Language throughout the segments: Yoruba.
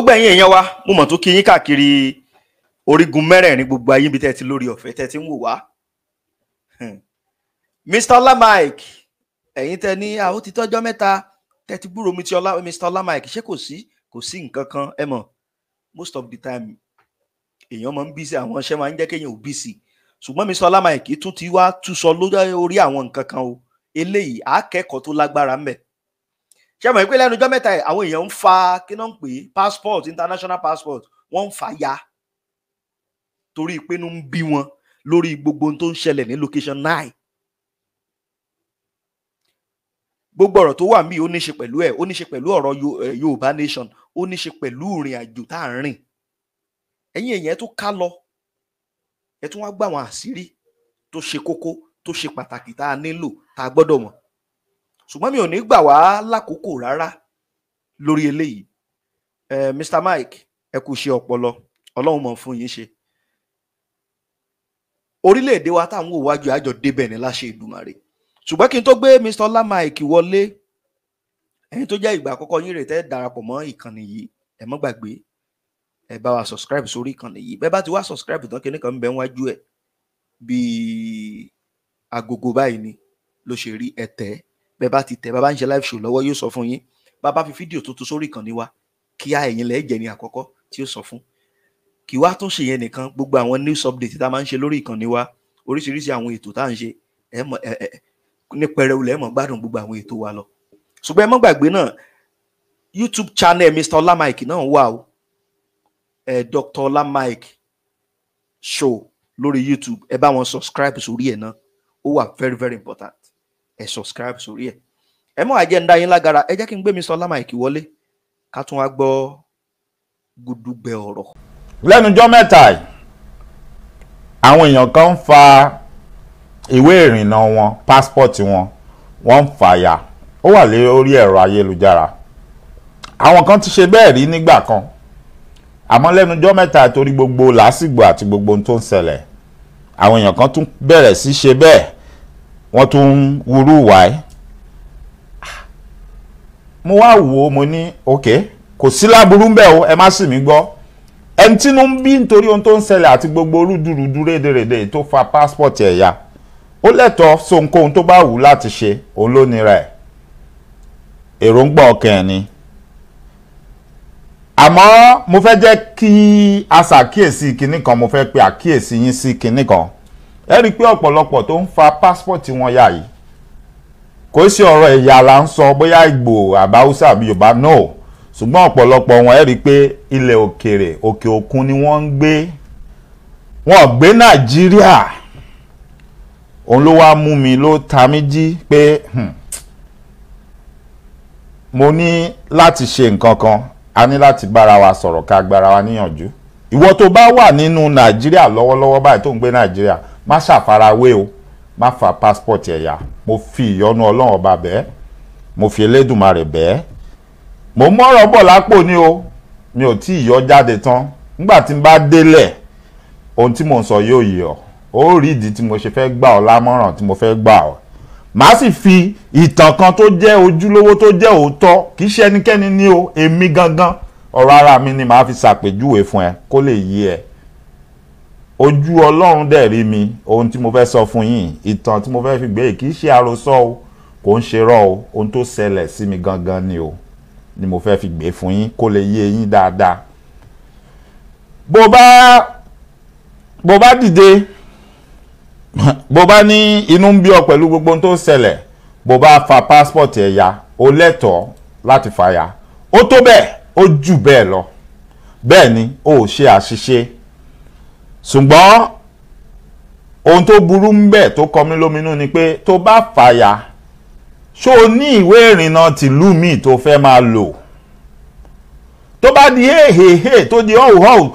gbogbo ẹ̀yin èèyàn wa mo mọ̀ tó kí yín káàkiri orígun mẹ́rẹ̀ẹ̀rin gbogbo ayé ibi tẹ́ ti lórí ọ̀fẹ́ tẹ́ ti ń wò wá Mr hmm. Olamike ẹ̀yin tẹ́ ní àwọn ti tọ́jọ́ mẹ́ta tẹ́ ti gbúròó mi ti ọlá Mr Olamike ṣé kò sí kò sí nǹkan kan ẹ mọ̀ most of the time èèyàn máa ń bísí àwọn iṣẹ́ máa ń jẹ́ kéèyàn ò bísí ṣùgbọ́n Mr Olamike tún ti wá tún sọ lórí àwọn nǹkan kan o eléyìí àákẹ́kọ̀ọ́ tó lágbára ń ṣé mọ̀ pé lẹ́nu ọjọ́ mẹ́ta àwọn èèyàn ń fa kí náà ń pè passport international passport wọ́n ń fa ya torí ìpinnu ń bí wọn lórí gbogbo ohun tó ń ṣẹlẹ̀ ní location nine gbogbo ọ̀rọ̀ tó wà mí ó ní ṣe pẹ̀lú ẹ̀ ó ní ṣe pẹ̀lú ọ̀rọ̀ eh, Yorùbá nation ó ní ṣe pẹ̀lú ìrìn àjò tá à ń rìn ẹ̀yin èèyàn ẹ tún ká lọ ẹ tún wá gbà wọn àṣírí tó ṣe kókó tó ṣe pàtàkì tá a nílò tá a gbọ́dọ̀ mọ̀ ṣùgbọ́n mi ò ní gbà wá lákòókò rárá lórí eléyìí Mr Mike ẹ kú ṣe ọpọlọ ọlọ́run mọ̀ fún yín ṣe orílẹ̀-èdè wa táwọn òwájú àjọ débẹ̀ ní láṣẹ Èdùmàrè ṣùgbọ́n kí n tó gbé Mr Ọlá Mike wọlé ẹ̀yin tó jẹ́ ìgbà àkọ́kọ́ yín rè tẹ́ darapọ̀ mọ́ ìkànnì yìí ẹ mọ́ gbàgbé ẹ bá wa subscribe sórí ìkànnì yìí bẹ́ẹ̀ bá ti wá subscribe tán kíní kan ń bẹ wájú ẹ̀ bíi agogo báyìí ni ló ṣe rí ẹ̀tẹ́ bẹ́ẹ̀ bá ti tẹ̀ bàbá ń ṣe live show lọ́wọ́ yóò sọ fún yín bàbá fi fídíò tuntun sórí ìkànnì wa kíá ẹ̀yin lẹ́ẹ̀ jẹ́ ní àkọ́kọ́ tí ó sọ fún kì wá tún ṣèyẹn nìkan gbogbo àwọn news update tá a máa ń ṣe lórí ìkànnì wa oríṣiríṣi àwọn ètò tá à ń ṣe ní pẹrẹu lẹ́ẹ̀mọ̀ gbádùn gbogbo àwọn ètò wa lọ ṣùgbọ́n ẹ mọ́ gbàgbé náà YouTube channel Mr Ola Mike náà wà o eh, Dr Ola show lórí YouTube ẹ bá wọn subscribe sórí ẹ náà ó wà very very important ẹ subscribe sórí ẹ ẹ mọ àjẹ ńdá yín lágara ẹ jẹ́ kí n gbé mi sọ lámàìkì wọlé ká tún wá gbọ́ gudugbẹ ọ̀rọ̀. lẹ́nujọ́ mẹ́ta yìí àwọn èèyàn kan ń fa ìwé ìrìnnà wọn pásítọ̀tì wọn wọ́n ń fàyà ó wà lórí ẹ̀rọ ayélujára àwọn kan ti ṣe bẹ́ẹ̀ rí nígbà kan àmọ́ lẹ́nujọ́ mẹ́ta torí gbogbo làásìgbò àti gbogbo ohun tó ń ṣẹlẹ̀ àwọn èèyàn kan tún bẹ̀rẹ̀ sí ṣe bẹ́ẹ̀ wọ́n tún ń wúrú wá ẹ́ mo wá wò ó mo ní ok kò sí láburú ń bẹ̀ o ẹ má sì mí gbọ́ ẹni tínú ń bí nítorí ohun tó ń ṣẹlẹ̀ àti gbogbo orúdurùdu rédèrèdè tó fa pásítọ̀tì ẹ̀yà ó lẹ́tọ̀ọ́ sohunkóhun tó bá wù ú láti ṣe òun ló nira ẹ̀ èròǹgbà ọkàn ẹ̀ ni àmọ́ mo fẹ́ jẹ́ kí a ṣàkíyèsí kinní kan mo fẹ́ pe àkíyèsí yín sí kinní kan ẹ rí i pé ọ̀pọ̀lọpọ̀ tó ń fa pásítọ̀tì wọn yà yìí kò sí ọ̀rọ̀ ẹ̀yà là ń sọ bóyá ìgbò àbáwúsá àbí yorùbá no ṣùgbọ́n ọ̀pọ̀lọpọ̀ wọn ẹ rí i pé ilẹ̀ òkèrè òkè òkun ni wọ́n ń gbé wọn gbé nàìjíríà òun ló wáá mú mi ló ta mí jí pé hmm, mo ní láti ṣe nǹkan kan a ní láti bára wa sọ̀rọ̀ ká gbára wa níyànjú ìwọ tó bá wà nínú nàìjíríà lọ́wọ́lọ́wọ́ báyìí tó ń gbé nàìjíríà má ṣàfarawé o má fa passport ẹ̀yà mo fi ìyọ́nú ọlọ́run ọba bẹ́ẹ̀ mo fi elédùnmarè bẹ́ẹ̀ mo mọ́rọ̀ bọ̀ lápò ni o mi ò tí ì yọ jáde tán nígbà tí n bá délẹ̀ ohun tí mo ń sọ yóò yé ọ ó rí ìdí tí mo ṣe fẹ́ gbà ọ lámọ̀ràn tí mo fẹ́ gbà ọ màá sì fi ìtàn kan tó jẹ́ ojúlówó tó jẹ́ òótọ́ kì í ṣe ẹnikẹ́ni ní o èmi gangan ọ̀rọ̀ ara mi ni màá fi ṣàpèjúwe fún ẹ kó lè yé ẹ ojú ọlọ́run dẹ̀ rí mi ohun tí mo fẹ́ sọ fún yín ìtàn tí mo fẹ́ fi gbé kì í ṣe àròsọ o kò ń ṣe rọ́ o ohun tó ṣẹlẹ̀ sí mi gangan ni o ni mo fẹ́ fi gbé fún yín kó lè yé yín dáadáa bó bá bó bá dìde bó bá ní inú ń bí ọ pẹ̀lú gbogbo ohun tó ṣẹlẹ̀ bó bá fa passport ẹ̀ ya o lẹ́tọ̀ọ́ láti fàyà ó tó bẹ́ẹ̀ ó jù bẹ́ẹ̀ lọ bẹ́ẹ̀ ni o ò ṣe àṣìṣe ṣùgbọ́n ohun tó burú ń bẹ̀ tó kọ mí lóminú ni pé tó bá fàyà ṣó o ní ìwé ìrìnnà tìlú mi tó fẹ́ máa lò tó bá di hehehe tó di họ́wùhọ́wù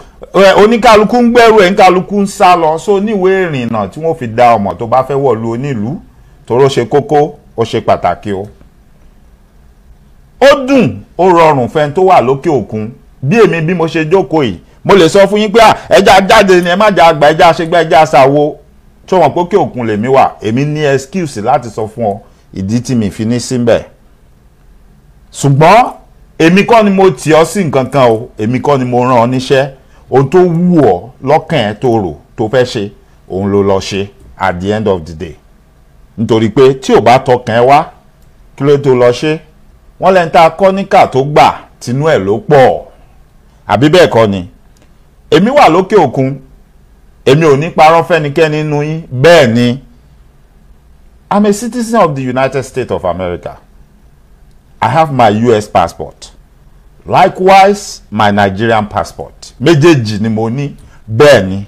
oníkálukú ń gbẹ́rù ẹ̀ níkálukú ń sá lọ só níwèé ìrìnnà tí wọ́n fi da ọmọ tó bá fẹ́ wọ̀lú onílùú tóró ṣe kókó ó ṣe pàtàkì o ó dùn ó rọrùn fẹ́ni tó wà lókè òkun bí èmi bí mo ṣe jókòó yìí mo lè sọ fún yín pé ẹja jáde ni ẹ má jà àgbà ẹja àṣegbà ẹja àṣàwo tó wọn pé kí òkun lèmi wà èmi ní excuse láti sọ fún ọ ìdí tí mi fi ní síbẹ̀ ṣùgbọ́n èmi kọ́ ni mo tì ọ́ sí nǹkan kan o èmi kọ́ ni mo rán ọ níṣẹ́ ohun tó wù ọ́ lọ́kàn ẹ̀ tó rò tó fẹ́ ṣe òun ló lọ ṣe at the end of the day nítorí pé tí ò bá tọkàn ẹ wá kí ló tó lọ ṣe wọ́n lẹ́ni tá a kọ́ níkà tó gbà tinú ẹ̀ ló pọ̀ àbí bẹ́ẹ̀ kọ́ ni èmi wà lókè òkun èmi ò ní parọ́ fẹ́nikẹ́ni nínú yín bẹ́ẹ̀ ni I'm a citizen of the United States of America I have my US passport likewise my Nigerian passport méjèèjì ni mo ní bẹ́ẹ̀ ni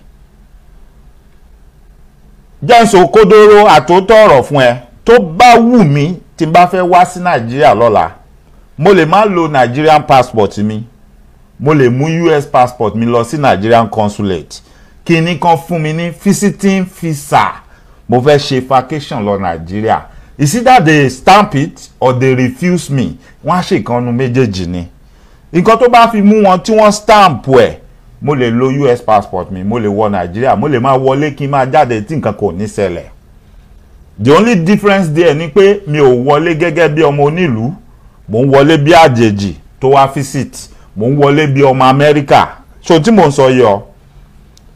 jẹ́ǹsì òkodoro àtòótọ́ ọ̀rọ̀ fún ẹ tó bá wù mí tí n bá fẹ́ wá sí Nàìjíríà lọ́la mo lè má lo Nigerian passport mi mo lè mú US passport mi lọ sí Nigerian consulate kí ni kan fún mi ní visiting visa mo fẹ́ ṣe vacation lọ Nigeria. is either they stamp it or they refuse me wọ́n á ṣe ìkànnù méjèèjì ni nǹkan tó bá fi mú wọn tí wọ́n stamp ẹ̀ mo lè lo US passport mi mo lè wọ Nàìjíríà mo lè máa wọlé kí n máa jáde tí nǹkan kò ní ṣẹlẹ̀ the only difference there ni pé mi ò wọlé gẹ́gẹ́ bí ọmọ onílùú mo ń wọlé bí àjèjì tó wá visit mò ń wọlé bí ọmọ amẹ́ríkà so tí mò ń sọ yọ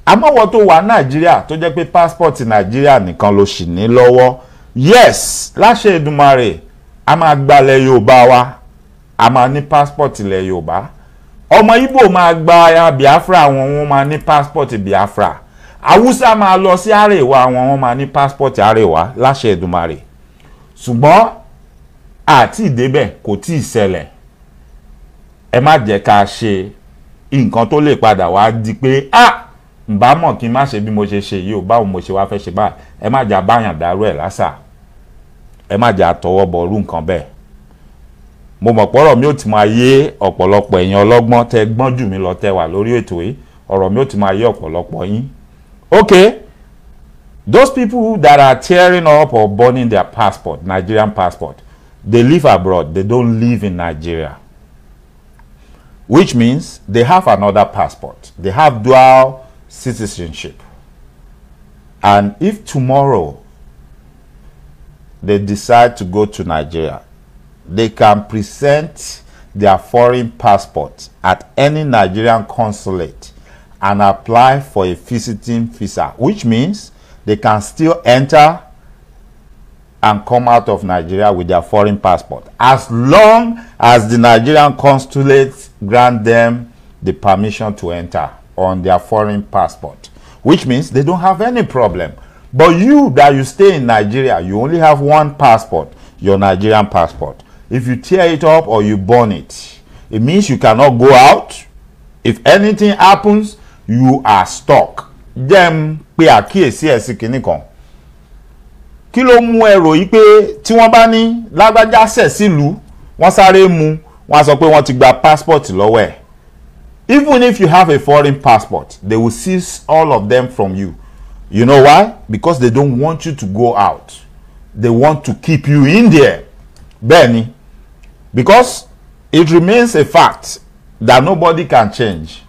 amọ́wọ́ tó wà nàìjíríà tó jẹ́ pé pásítọ̀tì nàìjíríà nìkan ló sì ní lọ́wọ́ yes láṣẹ Èdùmàrè a máa gbalẹ̀ yorùbá wa a máa ní pásítọ̀tì ilẹ̀ yorùbá ọmọ Ìgbò máa gba biafra wọn wọn máa ní pásítọ̀tì biafra haúsá máa lọ sí àrèwá wọn wọn máa ní pásítọ̀tì àrèwá láṣẹ Èdùmàrè ṣùgbọ́n àti ìdébẹ̀ kò tí ì ṣẹlẹ̀ ẹ má jẹ́ ká ṣe nǹkan tó lè padà wá di pé ah ǹbá mọ̀ kí n má ṣe bí mo ṣe ṣe yìí o báwo mo ṣe wá fẹ́ ṣe báyìí ẹ má jà báyàn dárú ẹ̀ lásà ẹ má jà tọwọ́ bọ irú nǹkan bẹ́ẹ̀ mo mọ̀ pọ̀rọ̀ mi ò ti máa yé ọ̀pọ̀lọpọ̀ ẹ̀yin ọlọ́gbọ́n tẹ gbọ́n jù mí lọ tẹ wà lórí ètò yìí ọ̀rọ̀ mi ò ti máa yé ọ̀pọ̀lọpọ̀ yín okay those people that are tearing up or burning their passport Nigerian passport they live abroad they don't live in Nigeria. which means they have another passport. They have dual citizenship. And if tomorrow they decide to go to Nigeria, they can present their foreign passport at any Nigerian consulate and apply for a visiting visa, which means they can still enter and come out of Nigeria with their foreign passport as long as the Nigerian consulate grant them the permission to enter on their foreign passport which means they don't have any problem but you that you stay in Nigeria you only have one passport your Nigerian passport if you tear it up or you burn it it means you cannot go out if anything happens you are stuck Then, pe àkíyèsí ẹ̀sìn kìíní kan kí ló mú ẹ yìí pé tí wọ́n bá ní lágbájá sílùú wọ́n sáré mu wọ́n sọ pé wọ́n ti gba passport lọ́wọ́ ẹ̀ even if you have a foreign passport they will seize all of them from you you know why because they don't want you to go out they want to keep you in there bẹ́ẹ̀ ni because it remains a fact that nobody can change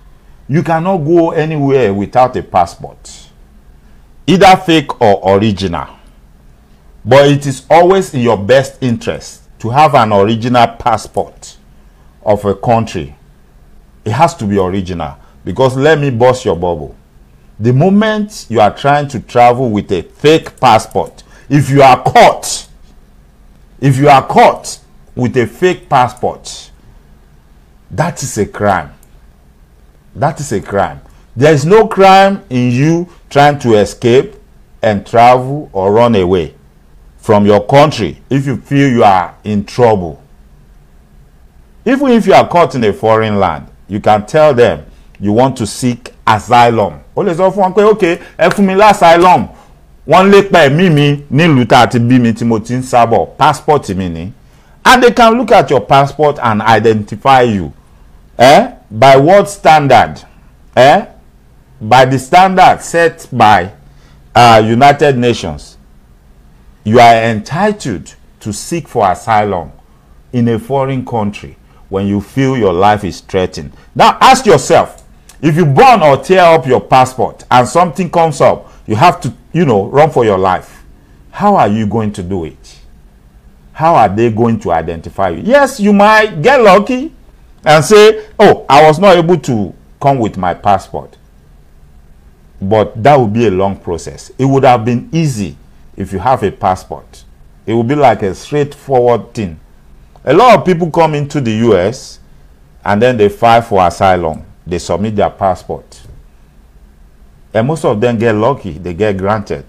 you cannot go anywhere without a passport either fake or original But it is always in your best interest to have an original passport of a country. It has to be original because let me bust your bubble. The moment you are trying to travel with a fake passport, if you are caught, if you are caught with a fake passport, that is a crime. That is a crime. There is no crime in you trying to escape and travel or run away from your country if you feel you are in trouble. Even if you are caught in a foreign land, you can tell them you want to seek asylum. Ó lè sọ fún wọn ok ẹ asylum. One lásìlọ́m wọ́n lè pa ẹ̀mí mi sábọ̀ passport mi and they can look at your passport and identify you eh? by what standard eh? by the standard set by uh, United Nations you are entitled to seek for asylum in a foreign country when you feel your life is threatened. Now ask yourself, if you burn or tear up your passport and something comes up, you have to, you know, run for your life. How are you going to do it? How are they going to identify you? Yes, you might get lucky and say, oh, I was not able to come with my passport. But that would be a long process. It would have been easy if you have a passport. It will be like a straightforward thing. A lot of people come into the US and then they file for asylum. They submit their passport. And most of them get lucky, they get granted.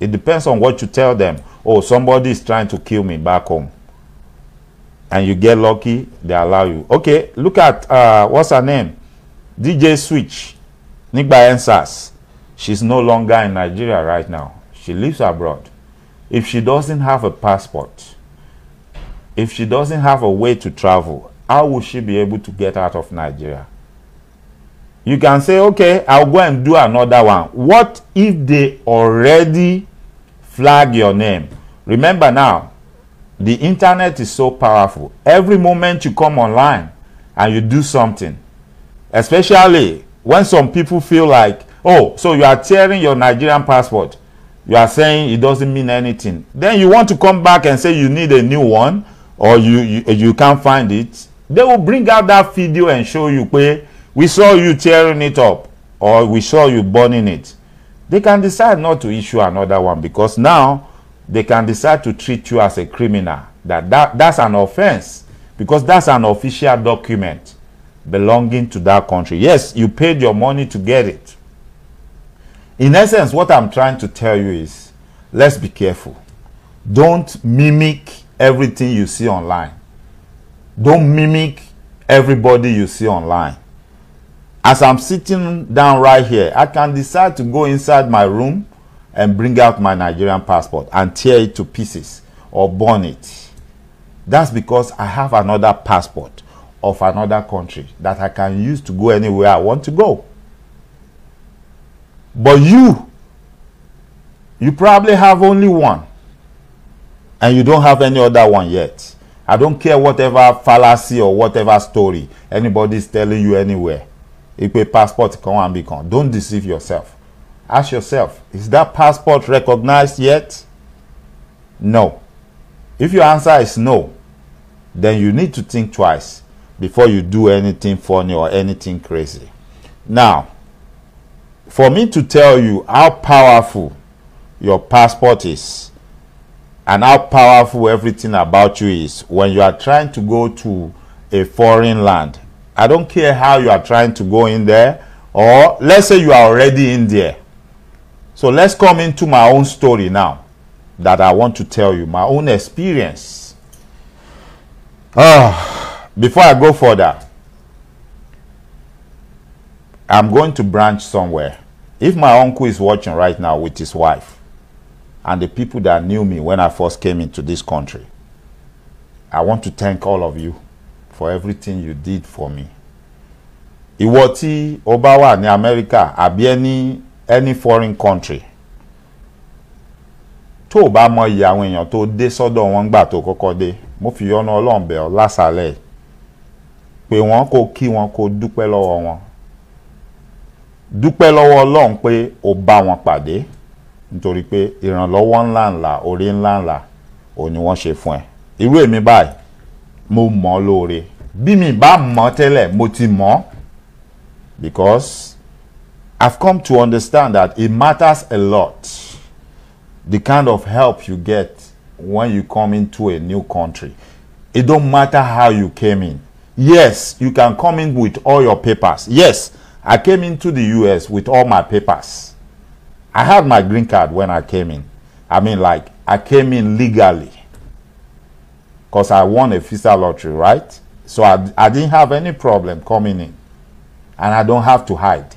It depends on what you tell them. Oh, somebody is trying to kill me back home. And you get lucky, they allow you. Okay, look at uh, what's her name? DJ Switch, Nick Ensas. She's no longer in Nigeria right now she lives abroad, if she doesn't have a passport, if she doesn't have a way to travel, how will she be able to get out of Nigeria? You can say, okay, I'll go and do another one. What if they already flag your name? Remember now, the internet is so powerful. Every moment you come online and you do something, especially when some people feel like, oh, so you are tearing your Nigerian passport you are saying it doesn't mean anything. Then you want to come back and say you need a new one or you, you, you can't find it. They will bring out that video and show you, where we saw you tearing it up or we saw you burning it. They can decide not to issue another one because now they can decide to treat you as a criminal. That, that, that's an offense because that's an official document belonging to that country. Yes, you paid your money to get it. In essence, what I'm trying to tell you is let's be careful. Don't mimic everything you see online. Don't mimic everybody you see online. As I'm sitting down right here, I can decide to go inside my room and bring out my Nigerian passport and tear it to pieces or burn it. That's because I have another passport of another country that I can use to go anywhere I want to go. But you, you probably have only one. And you don't have any other one yet. I don't care whatever fallacy or whatever story anybody's telling you anywhere. If a passport come and become, Don't deceive yourself. Ask yourself, is that passport recognized yet? No. If your answer is no, then you need to think twice before you do anything funny or anything crazy. Now, for me to tell you how powerful your passport is and how powerful everything about you is when you are trying to go to a foreign land. I don't care how you are trying to go in there or let's say you are already in there. So let's come into my own story now that I want to tell you, my own experience. Uh, before I go further, I'm going to branch somewhere. If my uncle is watching right now with his wife and the people that knew me when I first came into this country, I want to thank all of you for everything you did for me. Ìwọ Obawa ó America àbí any any foreign country tó o bá mọ iye àwọn èèyàn tó dé sọ́dọ̀ wọn gbà tó kọ́kọ́ dé mo fi yọ́nú Ọlọ́run bẹ̀ ọ́ lásàálẹ̀ pé wọ́n kó kí wọn kó dúpẹ́ lọ́wọ́ wọn dúpẹ́ lọ́wọ́ ọlọ́run pé o bá wọn pàdé nítorí pé ìrànlọ́wọ́ ńláńlá orí ńláńlá ò ní wọ́n ṣe fún ẹ irú èmi báyìí mo mọ̀ ọ́ lóore bí mi bá mọ̀ tẹ́lẹ̀ mo ti mọ̀ because I've come to understand that it matters a lot the kind of help you get when you come into a new country. It don't matter how you came in. Yes, you can come in with all your papers. Yes, I came into the US with all my papers. I had my green card when I came in. I mean, like, I came in legally because I won a fiscal lottery, right? So I, I didn't have any problem coming in and I don't have to hide.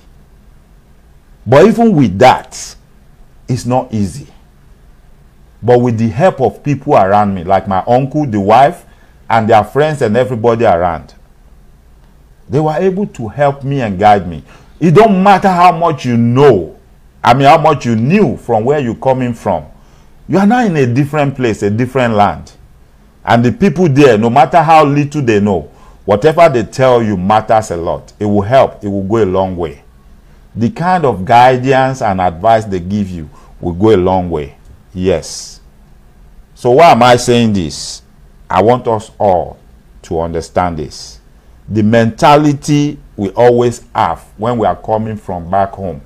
But even with that, it's not easy. But with the help of people around me, like my uncle, the wife, and their friends and everybody around, they were able to help me and guide me. It don't matter how much you know. I mean, how much you knew from where you're coming from. You are now in a different place, a different land. And the people there, no matter how little they know, whatever they tell you matters a lot. It will help. It will go a long way. The kind of guidance and advice they give you will go a long way. Yes. So why am I saying this? I want us all to understand this the mentality we always have when we are coming from back home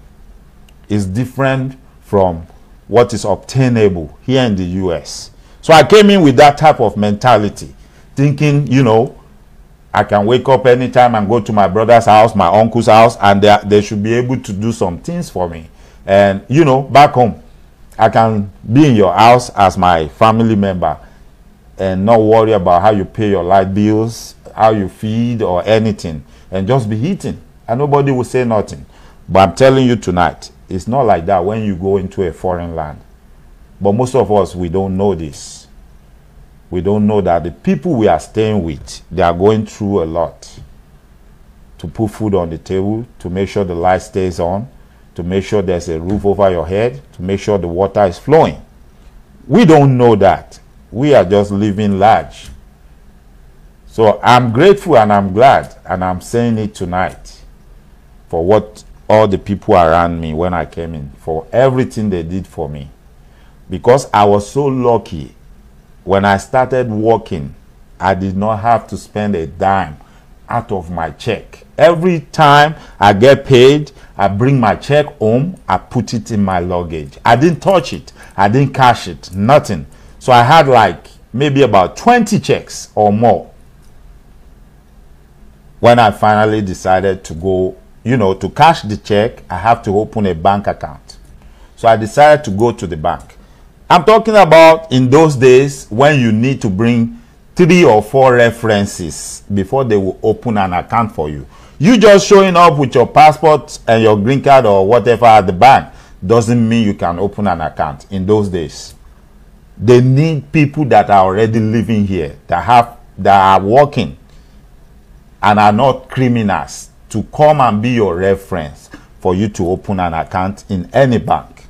is different from what is obtainable here in the US. So I came in with that type of mentality, thinking, you know, I can wake up anytime and go to my brother's house, my uncle's house, and they, they should be able to do some things for me. And, you know, back home, I can be in your house as my family member and not worry about how you pay your light bills, how you feed or anything and just be eating and nobody will say nothing but i'm telling you tonight it's not like that when you go into a foreign land but most of us we don't know this we don't know that the people we are staying with they are going through a lot to put food on the table to make sure the light stays on to make sure there's a roof over your head to make sure the water is flowing we don't know that we are just living large so I'm grateful and I'm glad, and I'm saying it tonight for what all the people around me when I came in, for everything they did for me. Because I was so lucky when I started working, I did not have to spend a dime out of my check. Every time I get paid, I bring my check home, I put it in my luggage. I didn't touch it, I didn't cash it, nothing. So I had like maybe about 20 checks or more when I finally decided to go, you know, to cash the check, I have to open a bank account. So I decided to go to the bank. I'm talking about in those days when you need to bring three or four references before they will open an account for you. You just showing up with your passport and your green card or whatever at the bank doesn't mean you can open an account in those days. They need people that are already living here, that have that are working, and are not criminals to come and be your reference for you to open an account in any bank.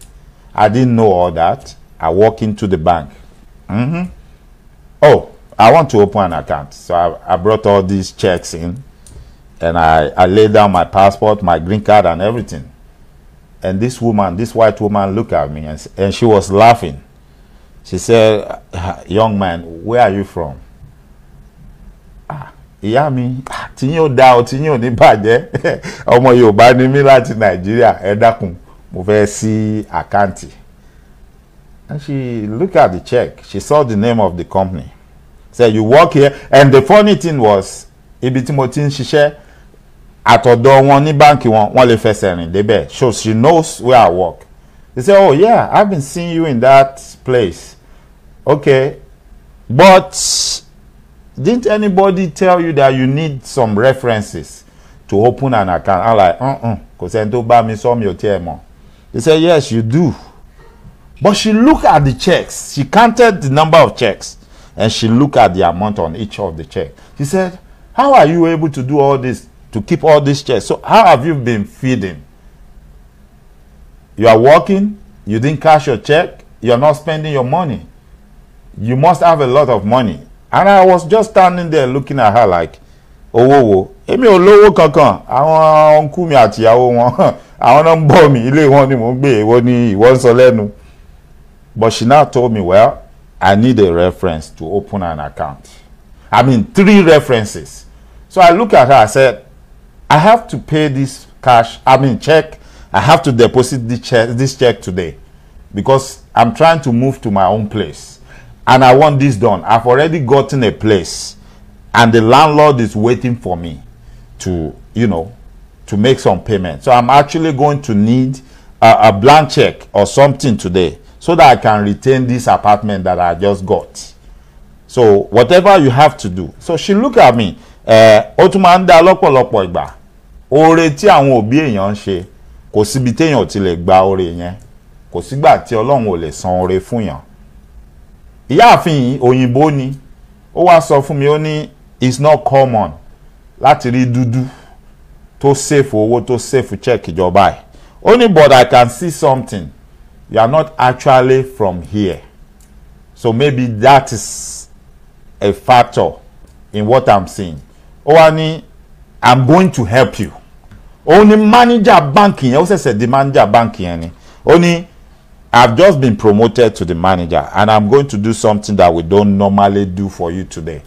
I didn't know all that. I walk into the bank. Mm-hmm. Oh, I want to open an account. So I, I brought all these checks in and I, I laid down my passport, my green card, and everything. And this woman, this white woman, looked at me and, and she was laughing. She said, Young man, where are you from? ìyá mi tìyín ò da ọ tìyín ò ní bàjẹ́ ọmọ Yorùbá ni mí láti Nàìjíríà ẹ dákun mo fẹ́ sí àkáǹtì and she look at the check she saw the name of the company say you work here and the funny thing was ibi tí mo ti ń ṣiṣẹ́ àtọ̀dọ̀ wọn ní báǹkì wọn wọ́n lè fẹsẹ̀ rìn débẹ̀ so she knows where I work he say oh yeah I've been seeing you in that place okay but Didn't anybody tell you that you need some references to open an account? I'm like, uh-uh, because I don't buy me some your TMO. They said, yes, you do. But she looked at the checks. She counted the number of checks. And she looked at the amount on each of the check. She said, how are you able to do all this, to keep all these checks? So how have you been feeding? You are working. You didn't cash your check. You are not spending your money. You must have a lot of money and i was just standing there looking at her like owó wo èmi ò lówó kankan àwọn ọ̀nkú mi àtìyàwó wọn àwọn náà ń bọ̀ mí ilé wọn ni mò ń gbé èwo ni ìwọ ń sọ lẹ́nu but she now told me well i need a reference to open an account i mean three references so i look at her i said i have to pay this cash i mean check i have to deposit this check, this check today because i'm trying to move to my own place and I want this done. I've already gotten a place and the landlord is waiting for me to, you know, to make some payment. So I'm actually going to need a, a blank check or something today so that I can retain this apartment that I just got. So whatever you have to do. So she look at me. Eh, ó tún máa ń dá lọ́pọ̀lọpọ̀ ìgbà. Oore tí àwọn òbí èèyàn ń ṣe kò síbi téèyàn ti lè gba oore yẹn. Kò sígbà tí Ọlọ́run ò lè san oore fún yàn ìyáàfin yìí òyìnbó ni ó wá sọ fún mi ó ní it's not common láti rí dúdú tó sèfù owó tó sèfù check ìjọba ẹ̀ ó ní but I can see something you are not actually from here so maybe that is a factor in what I'm seeing ó wá ní I'm going to help you òun ni manager báǹkì yẹn ó ṣẹ̀ṣẹ̀ di manager báǹkì yẹn ni ó ní. I've just been promoted to the manager and I'm going to do something that we don't normally do for you today.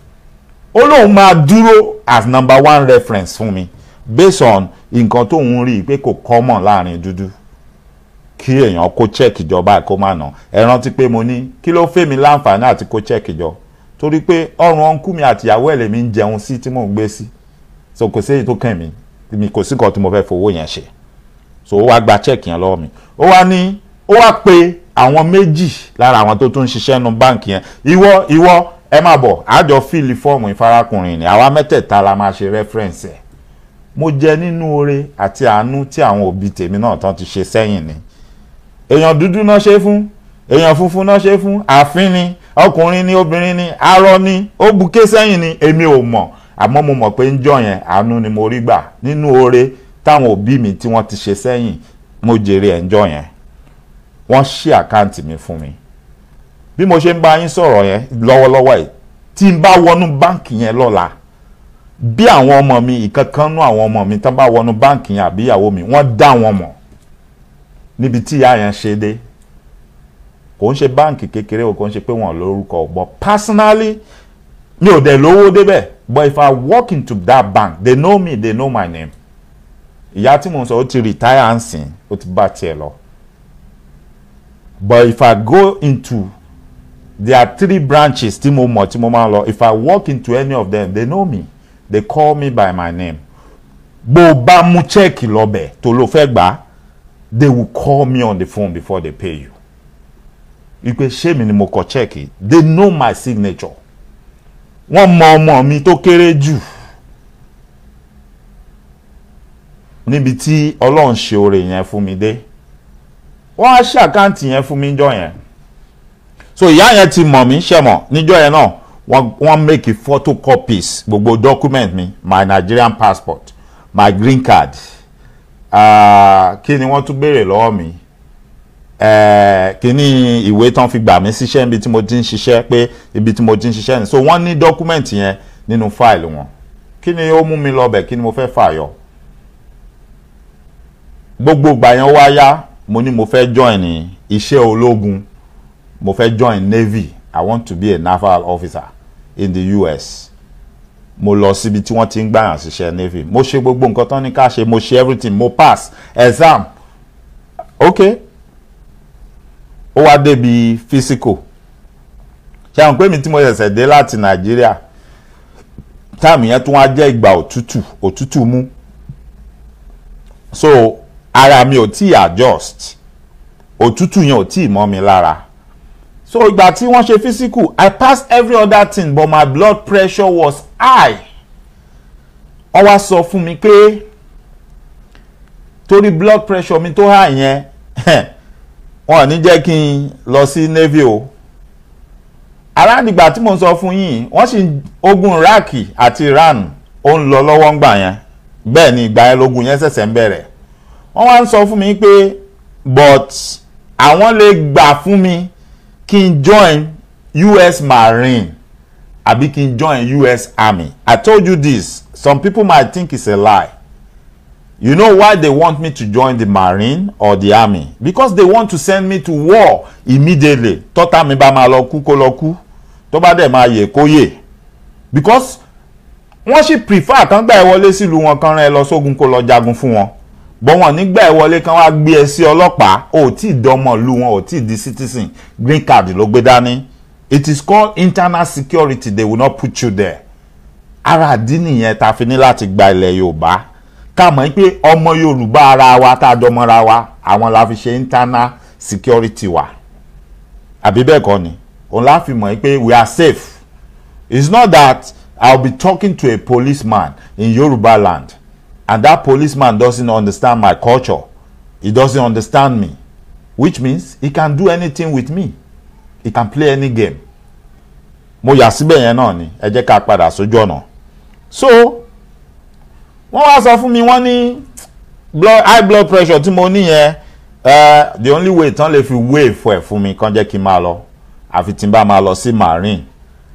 Ó lóun máa dúró as number one reference fún mi based on nǹkan tóun rí i pé kò common láàrin dúdú kí èèyàn kó check ìjọba kó má nà ẹ rántí pé mo ní kí ló fẹ́ mi láǹfààní àti kó check ìjọ torí pé ọrùn ọ̀nkú mi àtìyàwó ẹ̀ lèmi ń jẹun sí tí mò ń gbé sí so kò sí èyí tó kàn mí mi kò sí nǹkan tí mo fẹ́ fowó yẹn ṣe so ó wá gba check yẹn lọ́wọ́ mi ó wá ní ó wá pe àwọn méjì lára àwọn tó tún ń ṣiṣẹ́ nu báǹkì yẹn ìwọ ìwọ ẹ máa bọ̀ àjọ fíìlì fọ́ọ̀mù ìfarakùnrin ni àwa mẹ́tẹ̀ẹ̀ta la máa ṣe rẹ́fẹ̀rẹ̀nsì ẹ̀ mo jẹ nínú oore àti àánú tí àwọn òbí tèmi náà tán ti ṣe sẹ́yìn ni èèyàn dúdú náà ṣe fún èèyàn funfun náà ṣe fún àfin ni ọkùnrin ni obìnrin ni arọ ni ó buké sẹ́yìn ni èmi ò mọ̀ àmọ́ mo mọ̀ pé ń jọ yẹn àánú ni mo rí gbà nínú oore táwọn òbí mi tí wọ́n ti ṣe sẹ́yìn mo jèrè ẹ̀ ń jọ yẹn wọ́n ṣí àkáǹtì mi fún mi bí mo ṣe ń bá yín sọ̀rọ̀ yẹn lọ́wọ́lọ́wọ́ yìí tí n bá wọnú báǹkì yẹn lọ́la bí àwọn ọmọ mi ìkankan nú àwọn ọmọ mi tán bá wọnú báǹkì yẹn àbí ìyàwó mi wọ́n dá wọn mọ̀ níbi tí ìyá yẹn ṣe dé kò ń ṣe báǹkì kékeré o kò ń ṣe pé wọ́n lórúkọ but personally mi ò dẹ̀ lówó débẹ̀ but if I walk into that bank they know me they know my name ìyá tí mo ń sọ ó ti retire ansìn ó ti bá tiẹ̀ lọ but if i go into there are three branches tí mo mọ̀ tí mo máa lọ if i walk into any of them they know me they call me by my name bó o bá mú chẹ́ẹ̀kì lọ́bẹ̀ tó ló fẹ́ gbà á they will call me on the phone before they pay you ìpè ṣé mi ni mo kọ chẹ́ẹ̀kì they know my signature wọ́n mọ ọmọ mi tó kéré jù níbi tí ọlọ́run ṣe oore yẹn fún mi dé wọ́n á ṣe àkáǹtì yẹn fún mi níjọ́ yẹn so ìyá yẹn ti mọ̀ mí ṣe mọ̀ níjọ́ yẹn náà wọ́n make photocopies gbogbo document mi my Nigerian passport my green card uh, kí ni wọ́n tún béèrè lọ́wọ́ mi uh, kí ni ìwé tán fi gbà mí síṣẹ́ níbi tí mo ti ń ṣiṣẹ́ pé ibi tí mo ti ń ṣiṣẹ́ ni so wọ́n ní document yẹn nínú fáìlì wọn kí ni ó mú mi lọ bẹ̀ kí ni mo fẹ́ fàyọ gbogbo ìgbà yẹn wá yá mo ní mo fẹ́ join iṣẹ́ ológun mo fẹ́ join navy i want to be a naval officer in the us mo lọ síbi tí wọ́n ti ń gbàyàn síṣẹ́ navy mo ṣe gbogbo nǹkan tán ní ká ṣe mo ṣe everything mo pass exam ok ó wá débi physical ṣe àwọn pé mi tí mo ṣẹ̀ṣẹ̀ dé láti nàìjíríà táàmù yẹn tún wá jẹ́ ìgbà òtútù òtútù mú so ara mi ò tí adjust òtútù yẹn ò tí mọ́ mi lára so ìgbà tí wọ́n ṣe physical i passed every other thing but my blood pressure was high wọ́n wá sọ fún mi pé torí blood pressure mi tó high yẹn wọn ò ní jẹ́ kí n lọ sí navy o aráàdìgbà tí mo sọ fún yín wọ́n sì ogun iraq àti iran ó ń lọ lọ́wọ́ ń gbà yẹn bẹ́ẹ̀ ni ìgbà yẹn lógun yẹn ṣẹ̀ṣẹ̀ ń bẹ̀rẹ̀ wọ́n wá ń sọ fún mi pé but àwọn lè gbà fún mi kí n join US Marine àbí kí n join US Army I told you this some people might think it's a lie you know why they want me to join the Marine or the Army because they want to send me to war immediately tọ́tà mi bá máa lọ kú kó lọ kú tó bá dẹ̀ máa yè kó yè because wọ́n sì prefer kán gbà ẹ wọlé sílùú wọn kán rán ẹ lọ sógun kó lọ jagun fún wọn bọ́wọ́n nígbà ẹ wọlé kan wá gbé ẹ sí ọlọ́pàá ò tí ì dọmọ ìlú wọn ò tí ì di citizen green card ló gbé dání it is called internal security they will not put you there ara àdín nìyẹn ta fi ní láti gba ilẹ̀ yorùbá ká mọ̀ pé ọmọ yorùbá ara wa tá a dọmọra wa àwọn la fi ṣe internal security wa àbí bẹ́ẹ̀ kọ́ ni òun la fi mọ̀ pé we are safe it's not that i will be talking to a policeman in yorùbá land and that policeman doesn't understand my culture he doesn't understand me which means he can do anything with me he can play any game mo yà síbẹ̀ yẹn náà ni ẹ jẹ́ ká padà sójú ọ̀nà so wọ́n wá sọ fún mi wọ́n ní high blood pressure tí mo ní yẹn uh, the only way tán lè fi wave fún ẹ̀ fún mi kàn jẹ́ kí n máa lọ àfi tí n bá máa lọ sí marine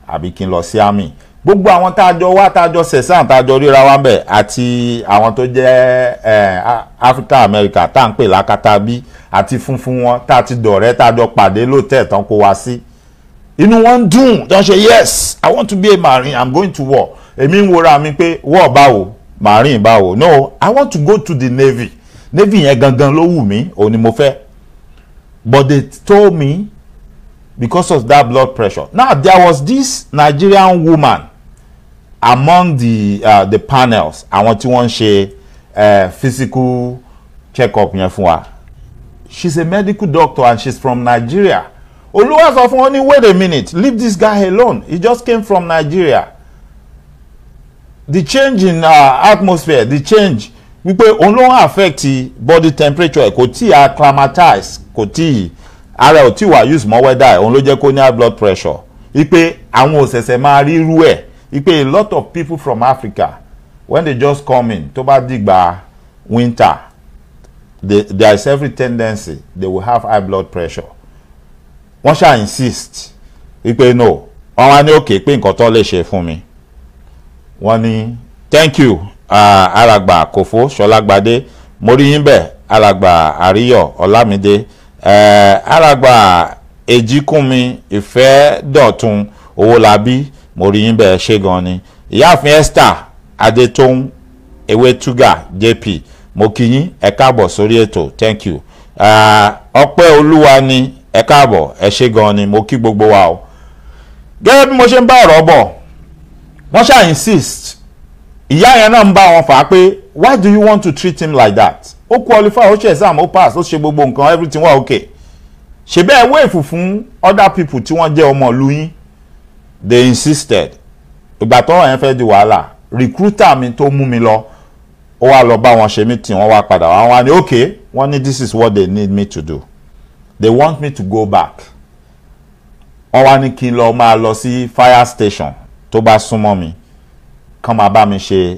àbí kí n lọ sí army gbogbo àwọn tá a jọ wá tá a jọ sẹ̀sán tá a jọ ríra wá bẹ̀ àti àwọn tó jẹ́ Africa America tá à ń pè lákàtà bí àti funfun wọn tá a ti dọ̀rẹ́ tá a jọ pàdé lóòtẹ́ tán kó wá sí inú wọn ń dùn tó ń ṣe yes I want to be a marine I'm going to war èmi ń wora mi pé war báwo marine báwo no I want to go to the navy navy yẹn gangan ló wù mí òun ni mo fẹ́ but they told me because of that blood pressure now there was this Nigerian woman among the uh, the panels àwọn tí wọ́n ń ṣe uh, physical check-up yẹn fún wa she's a medical doctor and she's from Nigeria olúwa sọ fún wọn ní wait a minute leave this guy alone he just came from Nigeria the change in uh, atmosphere the change wípé òun ló ń affect body temperature kò tí acclimatize kò tí ara ò tí wà use mọ́ weather òun ló jẹ́ kó ní high blood pressure wípé àwọn ò ṣẹ̀ṣẹ̀ máa rí irú ẹ̀ ipe a lot of people from Africa when they just come in tó bá dìgbà winter they, there is every tendency they will have high blood pressure wọ́n ṣáà insist ipe no wọ́n wá ní òkè pé nǹkan tó lè ṣe fún mi wọ́n ní thank you uh, alàgbà kofo ṣọlágbadé mo rí yín bẹ́ẹ̀ alàgbà àríyọ̀ ọlámídé uh, alàgbà èjìkúnmi ìfẹ́ dọ̀tun owólabí mo rí yín bẹ́ẹ̀ ṣe gan ni ìyáàfin Esther Adétóun Ewétúgà JP mo kí yín ẹ káàbọ̀ sórí ètò thank you ah, ọpẹ́ olúwa ni ẹ káàbọ̀ ẹ ṣe gan ni mo kí gbogbo wa o gẹ́gẹ́ bí mo ṣe ń bá ọ̀rọ̀ bọ̀ wọ́n ṣáà insist ìyá yẹn náà ń bá wọn fà á pé why do you want to treat him like that ó qualify ó ṣe exam ó pass ó ṣe gbogbo nǹkan everything wà okay ṣe bẹ́ẹ̀ wéèfù fún other people tí wọ́n jẹ́ ọmọ ìlú yín they insisted ìgbà tọ́rọ̀ yẹn fẹ́ di wàhálà recruiter mi tó mú mi lọ ó wá lọ bá wọn ṣe mí tì wọ́n wá padà wá wá ní okay wọ́n ní this is what they need me to do they want me to go back wọ́n wá ní kí n lọ máa lọ sí fire station tó bá súnmọ́ mi kán máa bá mi ṣe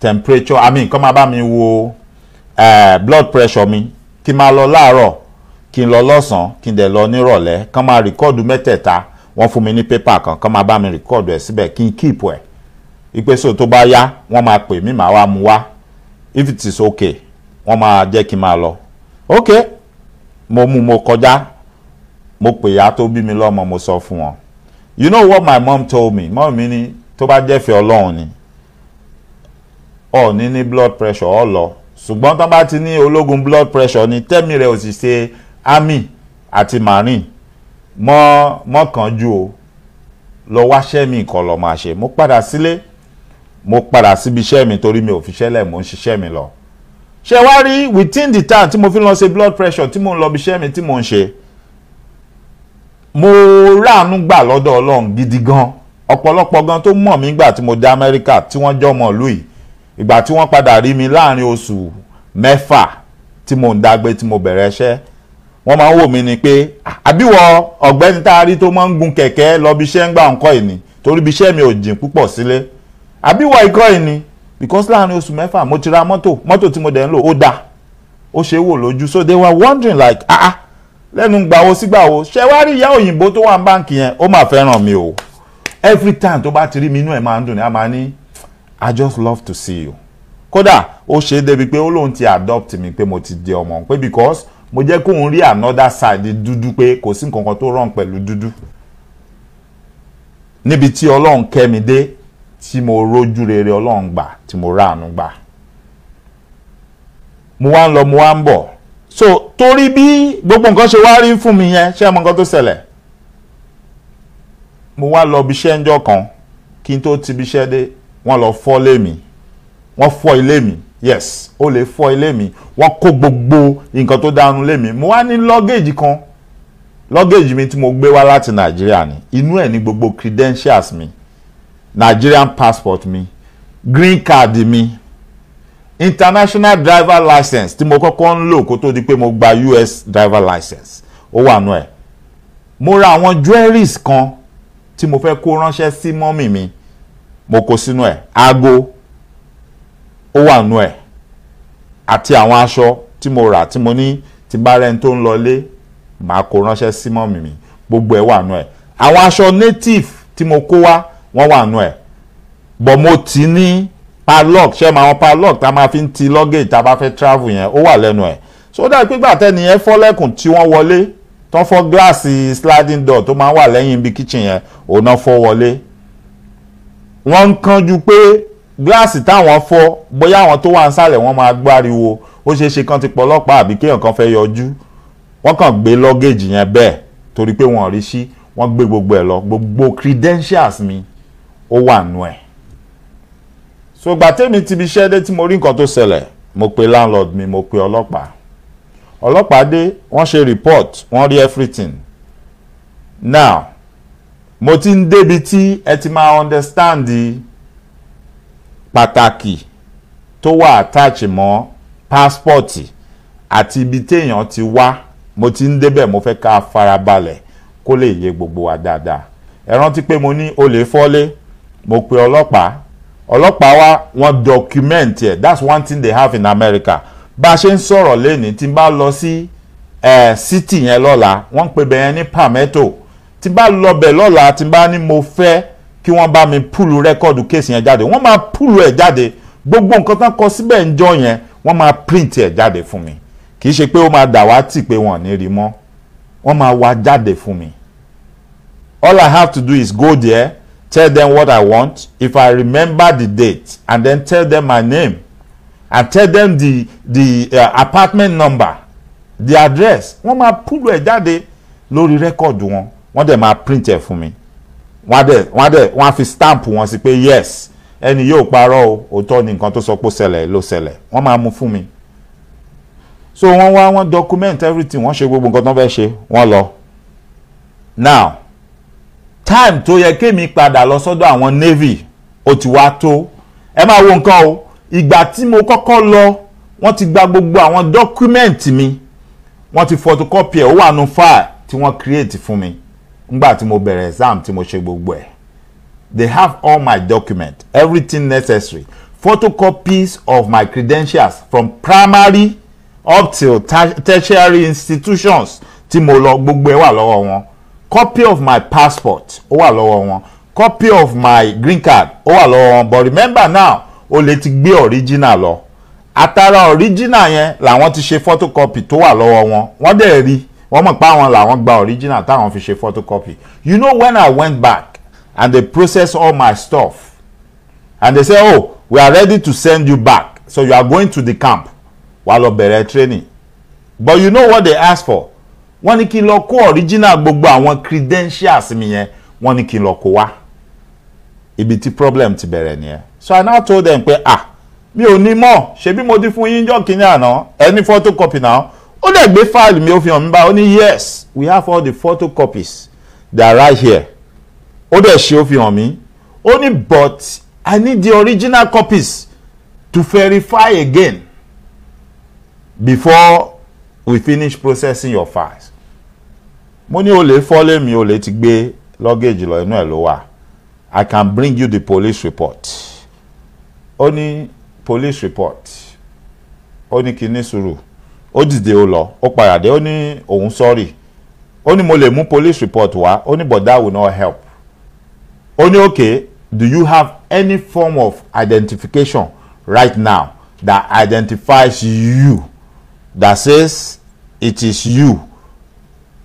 temperature i mean kán máa bá mi wo uh, blood pressure mi kí n máa lọ láàárọ̀ kí n lọ lọ́sàn-án kí n dẹ̀ lọ nírọ̀lẹ́ kán máa rìkọ́ọ̀dù mẹ́tẹ̀ẹ̀ta wọ́n fún mi ní pépà kan kán máa bá mi rìkọ́ọ̀dù ẹ̀ síbẹ̀ kí n kíìpù ẹ̀ ipe so tó bá yá wọ́n máa pè mí màá wá mu wá if it is okay wọ́n máa jẹ́ kí n máa lọ ok mo mú mo kọjá mo pè ya tó bí mi lọ́mọ mo sọ fún wọn you know what my mom told me mom mi ni tó bá jẹ́fẹ̀ẹ́ ọlọ́run ni ọ ní ní blood pressure ọ lọ ṣùgbọ́n tó bá ti ní ológun blood pressure ni tẹ́mi rẹ̀ ò sì ṣe army àti marine mọ́ mọ́kànjú o lọ wáṣẹ́ mi nǹkan lọ máa ṣe mo padà sílé mo padà síbi iṣẹ́ mi torí mi ò fi ṣẹlẹ̀ mo ń ṣiṣẹ́ mi lọ ṣe wá rí within the time tí mo fi lọ ṣe blood pressure tí mo ń lọ bí iṣẹ́ mi tí mo ń ṣe mo ráàánú gbà lọ́dọ̀ Ọlọ́run gidi gan ọ̀pọ̀lọpọ̀ gan tó mọ̀ mí gbà tí mo dé Amẹ́ríkà tí wọ́n jọ mọ̀ lùi ìgbà tí wọ́n padà rí mi láàrin oṣù mẹ́fà tí mo ń dágbé tí mo bẹ̀rẹ̀ iṣẹ́ wọ́n máa ń wò mí ni pé ah, àbíwọ ọ̀gbẹ́ni tá a rí tó máa ń gun kẹ̀kẹ́ lọ bí iṣẹ́ ń gbà ńkọ́ ìní torí bí iṣẹ́ mi ò jìn púpọ̀ sílé àbíwọ ikọ́ ìní because láàrin oṣù mẹ́fà mo ti ra mọ́tò mọ́tò tí mo dẹ̀ ń lò ó dáa ó ṣe é wò lójú so they were wondering like ah ah lẹ́nu gbàwo sígbàwo ṣé wàá rí ìyá òyìnbó tó wà ní báǹkì yẹn ó máa fẹ́ràn mi o every time tó bá ti rí mi inú ẹ̀ máa ń dùn ní a máa ní i just love to see you kódà ó ṣe é débi pé ó lóun ti adopt mi pé mo ti di ọmọ pé because mo jẹ́ kóun rí another side dúdú pé kò sí nǹkan kan tó ràn pẹ̀lú dúdú níbi tí ọlọ́run kẹ́ mi dé tí mo rójú rere ọlọ́run gbà tí mo ráàánú gbà mo wá ń lọ mo wá ń bọ̀ so torí bí gbogbo nǹkan ṣe wá rí fún mi yẹn ṣé ẹ mọ nǹkan tó ṣẹlẹ̀ mo wá lọ ibiṣẹ́ ńjọ́ kan kí n tó ti ibiṣẹ́ dé wọ́n lọ fọ́ lé mi wọ́n fọ́ ilé mi yes o lè fọ́ ilé mi wọ́n kó gbogbo nǹkan tó dánú lé mi mo wá ní lọ́gẹ́jì kan lọ́gẹ́jì mi tí mo gbé wá láti nàìjíríà ni inú ẹ̀ ní gbogbo credentials mi nigerian passport mi green card mi international driver license tí mo kọ́kọ́ ń lò kó tó di pé mo gba us driver license ó wà nù ẹ̀ mo ra àwọn jewelries kan tí mo fẹ́ kó ránṣẹ́ sí mọ́mì mi mo kó sínú ẹ̀ aago ó wà nú ẹ̀ àti àwọn aṣọ tí mo rà tí mo ní tí bá rẹ́ni tó ń lọlé màá kó ránṣẹ́ sí mọ́mì mi gbogbo ẹ̀ wà nú ẹ̀ àwọn aṣọ native tí mo kó wá wọ́n wà nú ẹ̀ bọ̀ mo ti ní padlock ṣe máa wọn padlock tá a máa fi ń ti luggage tá a bá fẹ́ travel yẹn ó wà lẹ́nu ẹ̀ so dá pípa tẹ́ni yẹn fọ́lẹ́kùn tí wọ́n wọlé tán fọ́ gíláàsì sliding door tó máa ń wà lẹ́yìn ibi kitchen yẹn òun náà fọ́ wọlé wọ́n ń kánjú pé gíláàsì táwọn fọ́ bóyá àwọn tó wà nísàlẹ̀ wọ́n máa gbáriwo ó ṣeé ṣe kan ti pọ̀ ọlọ́pàá àbí kéèyàn kan fẹ́ yọjú wọ́n kàn gbé lọ́gẹ́jì yẹn bẹ́ẹ̀ torí pé wọ́n rí sí wọ́n gbé gbogbo ẹ̀ lọ gbogbo credentials mi ó wà nù ẹ̀. so gbà tèmi ti bi iṣẹ́ dé tí mo rí nǹkan tó ṣẹlẹ̀ mo pe landlord mi mo pe ọlọ́pàá ọlọ́pàá dé wọ́n ṣe report wọ́n rí everything now mo ti ń débi tí ẹ ti máa understand the pàtàkì tó wà attach mọ́ passport àti ibi téèyàn ti wá mo ti ń débẹ̀ mo fẹ́ ká farabalẹ̀ kó lè yé gbogbo wa dáadáa ẹ rántí pé mo ní olè fọ́lé mo pe ọlọ́pàá ọlọ́pàá wa wọ́n document ẹ̀ that's one thing they have in America bá a ṣe ń sọ̀rọ̀ lẹ́nìí tí n bá lọ sí city yẹn lọ́la wọ́n ń pe bẹ́ẹ̀ ní palmetto tí n bá lọ bẹ̀ lọ́la tí n bá ní mo fẹ́ kí wọ́n bá mi púlù rẹ́kọ̀dù kéèsì yẹn jáde wọ́n máa púlù ẹ̀ jáde gbogbo nǹkan tán kọ síbẹ̀ ń jọ yẹn wọ́n máa print ẹ̀ jáde fún mi kì í ṣe pé ó máa dà wá tì pé wọ́n ní rí mọ́ wọ́n máa wá jáde fún mi all I have to do is go there tell them what I want if I remember the date and then tell them my name and tell them the the uh, apartment number the address wọ́n máa púlù ẹ̀ jáde lórí rẹ́kọ̀dù wọn wọ́n dẹ̀ máa print ẹ̀ fún mi wọ́n á dẹ̀ wọ́n á dẹ̀ wọ́n á fi stamp wọn sí pé yes ẹni yóò parọ́ o òótọ́ ni nǹkan tó sọ pé ó ṣẹlẹ̀ ló ṣẹlẹ̀ wọ́n máa mú fún mi so wọ́n wá wọ́n document everything wọ́n ṣe gbogbo nǹkan tó fẹ́ ṣe wọ́n lọ now time tó yẹ kémi padà lọ sọ́dọ̀ àwọn navy ó ti wá tó ẹ máa wo nǹkan o ìgbà tí mo kọ́kọ́ lọ wọ́n ti gba gbogbo àwọn document mi wọ́n ti photocopy ẹ̀ ó wà nù file tí wọ́n create fún mi ngbà tí mo bẹ̀rẹ̀ exam tí mo ṣe gbogbo ẹ̀ they have all my documents everything necessary photocopies of my credentials from primary up till tertiary institutions tí mo lọ gbogbo ẹ̀ wà lọ́wọ́ wọn copy of my passport ó wà lọ́wọ́ wọn copy of my green card ó wà lọ́wọ́ wọn but remember now o lè ti gbé original lọ àtàrà original yẹn làwọn ti ṣe photocopy tó wà lọ́wọ́ wọn wọ́n dẹ̀ rí i wọ́n mọ̀ pé àwọn làwọn gba original táwọn fi ṣe photocopy you know when I went back and they process all my stuff and they say oh we are ready to send you back so you are going to the camp wà lọ bẹ̀rẹ̀ training but you know what they ask for wọ́n ní kí n lọ kó original gbogbo àwọn credentials mi yẹn wọ́n ní kí n lọ kó wá ibi tí problem ti bẹ̀rẹ̀ nìyẹn so I now told them pé ah mi ò ní mọ̀ ṣebí mo di fún yín jọ́ kínní àná ẹni photocopy náà ó dẹ̀ gbé fáìlì mi ó fi hàn mí bá ó ní yes we have all the photocopies they are right here ó dẹ̀ ṣe ó fi hàn mí ó ní but I need the original copies to verify again before we finish processing your files mo ní o lè fọ́lé mi o lè ti gbé luggage lọ inú ẹ̀ ló wà I can bring you the police report ó ní police report ó ní kí sùúrù ó dìde ó lọ ó padà dé ó ní òun sọ́ọ̀rì ó ní mo lè mú police report wá ó ní but that will not help ó ní okay do you have any form of identification right now that identifies you that says it is you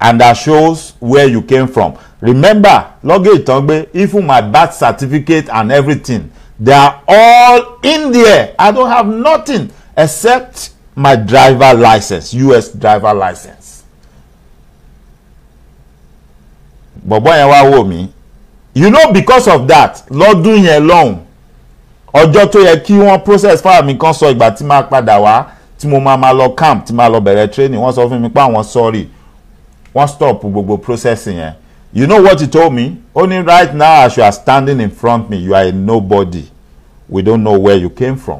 and that shows where you came from remember luggage tán even my birth certificate and everything they are all in there i don't have nothing except my driver license US driver license bọ̀bọ̀ yẹn wá wò mí you know because of that lọ́dún yẹn lọ́hùn ọjọ́ tó yẹ kí wọ́n process fáwọn mi kan sọ ìgbà tí máa padà wá tí mo máa máa lọ camp tí máa lọ bẹ̀rẹ̀ training wọ́n sọ fún mi pé àwọn sorry wọ́n stop gbogbo processing yẹn you know what he told me Only right now as you are standing in front of me you are a nobody we don't know where you came from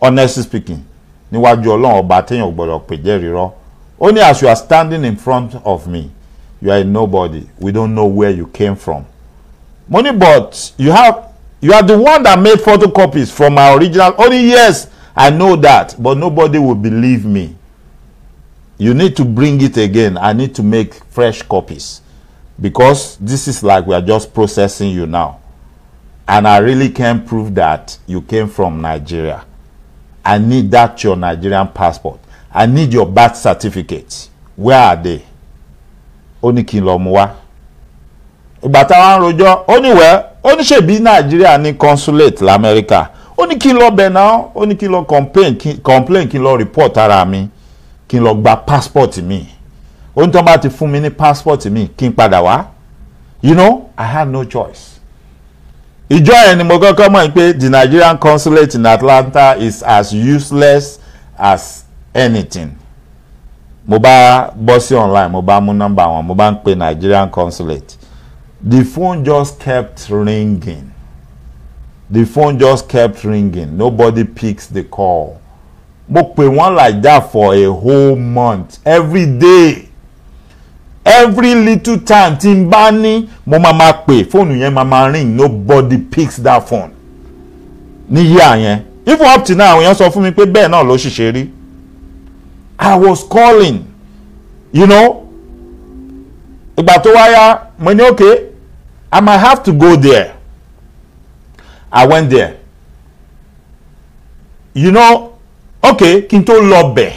honestly speaking níwájú ọlọ́run ọba téèyàn gbọ́dọ̀ pè jẹ́ rírọ́ ó Only as you are standing in front of me you are a nobody we don't know where you came from Money, but you have you are the one that made photocopies from my original Only yes I know that but nobody will believe me you need to bring it again I need to make fresh copies because this is like we are just processing you now and I really can't prove that you came from Nigeria I need that your Nigerian passport. I need your birth certificate. Where are they? Ó ní kí n lọ mú wá. Ìgbà táwọn rojọ́, ó ní wẹ́, ó ní ṣèbí Nàìjíríà ní consulate l'Amẹ́ríkà. Ó ní kí n lọ bẹ̀ náà, ó ní kí n lọ complain kí n lọ report ara mi, kí n lọ gba passport mi. Ó ní tí wọ́n bá ti fún mi ní passport mi, kí n padà wá. You know, I had no choice ìjọ yẹn ni mo kọ́kọ́ mọ̀ pé the Nigerian consulate in Atlanta is as useless as anything mo bá bọ́ sí online mo bá mú nọ́mbà wọn mo bá ń pe Nigerian consulate the phone just kept ringing the phone just kept ringing nobody picks the call mo pè wọ́n like that for a whole month every day every little time tí n bá ní mo máa ma pè fóònù yẹn máa ma ring nobody picks that phone ní yíyá yẹn even up to now àwọn èèyàn sọ fún mi pé bẹ́ẹ̀ náà ló ṣiṣẹ́ rí i was calling you know ìgbà tó wáyá mo ní okay i might have to go there i went there you know okay kí n tó lọ bẹ̀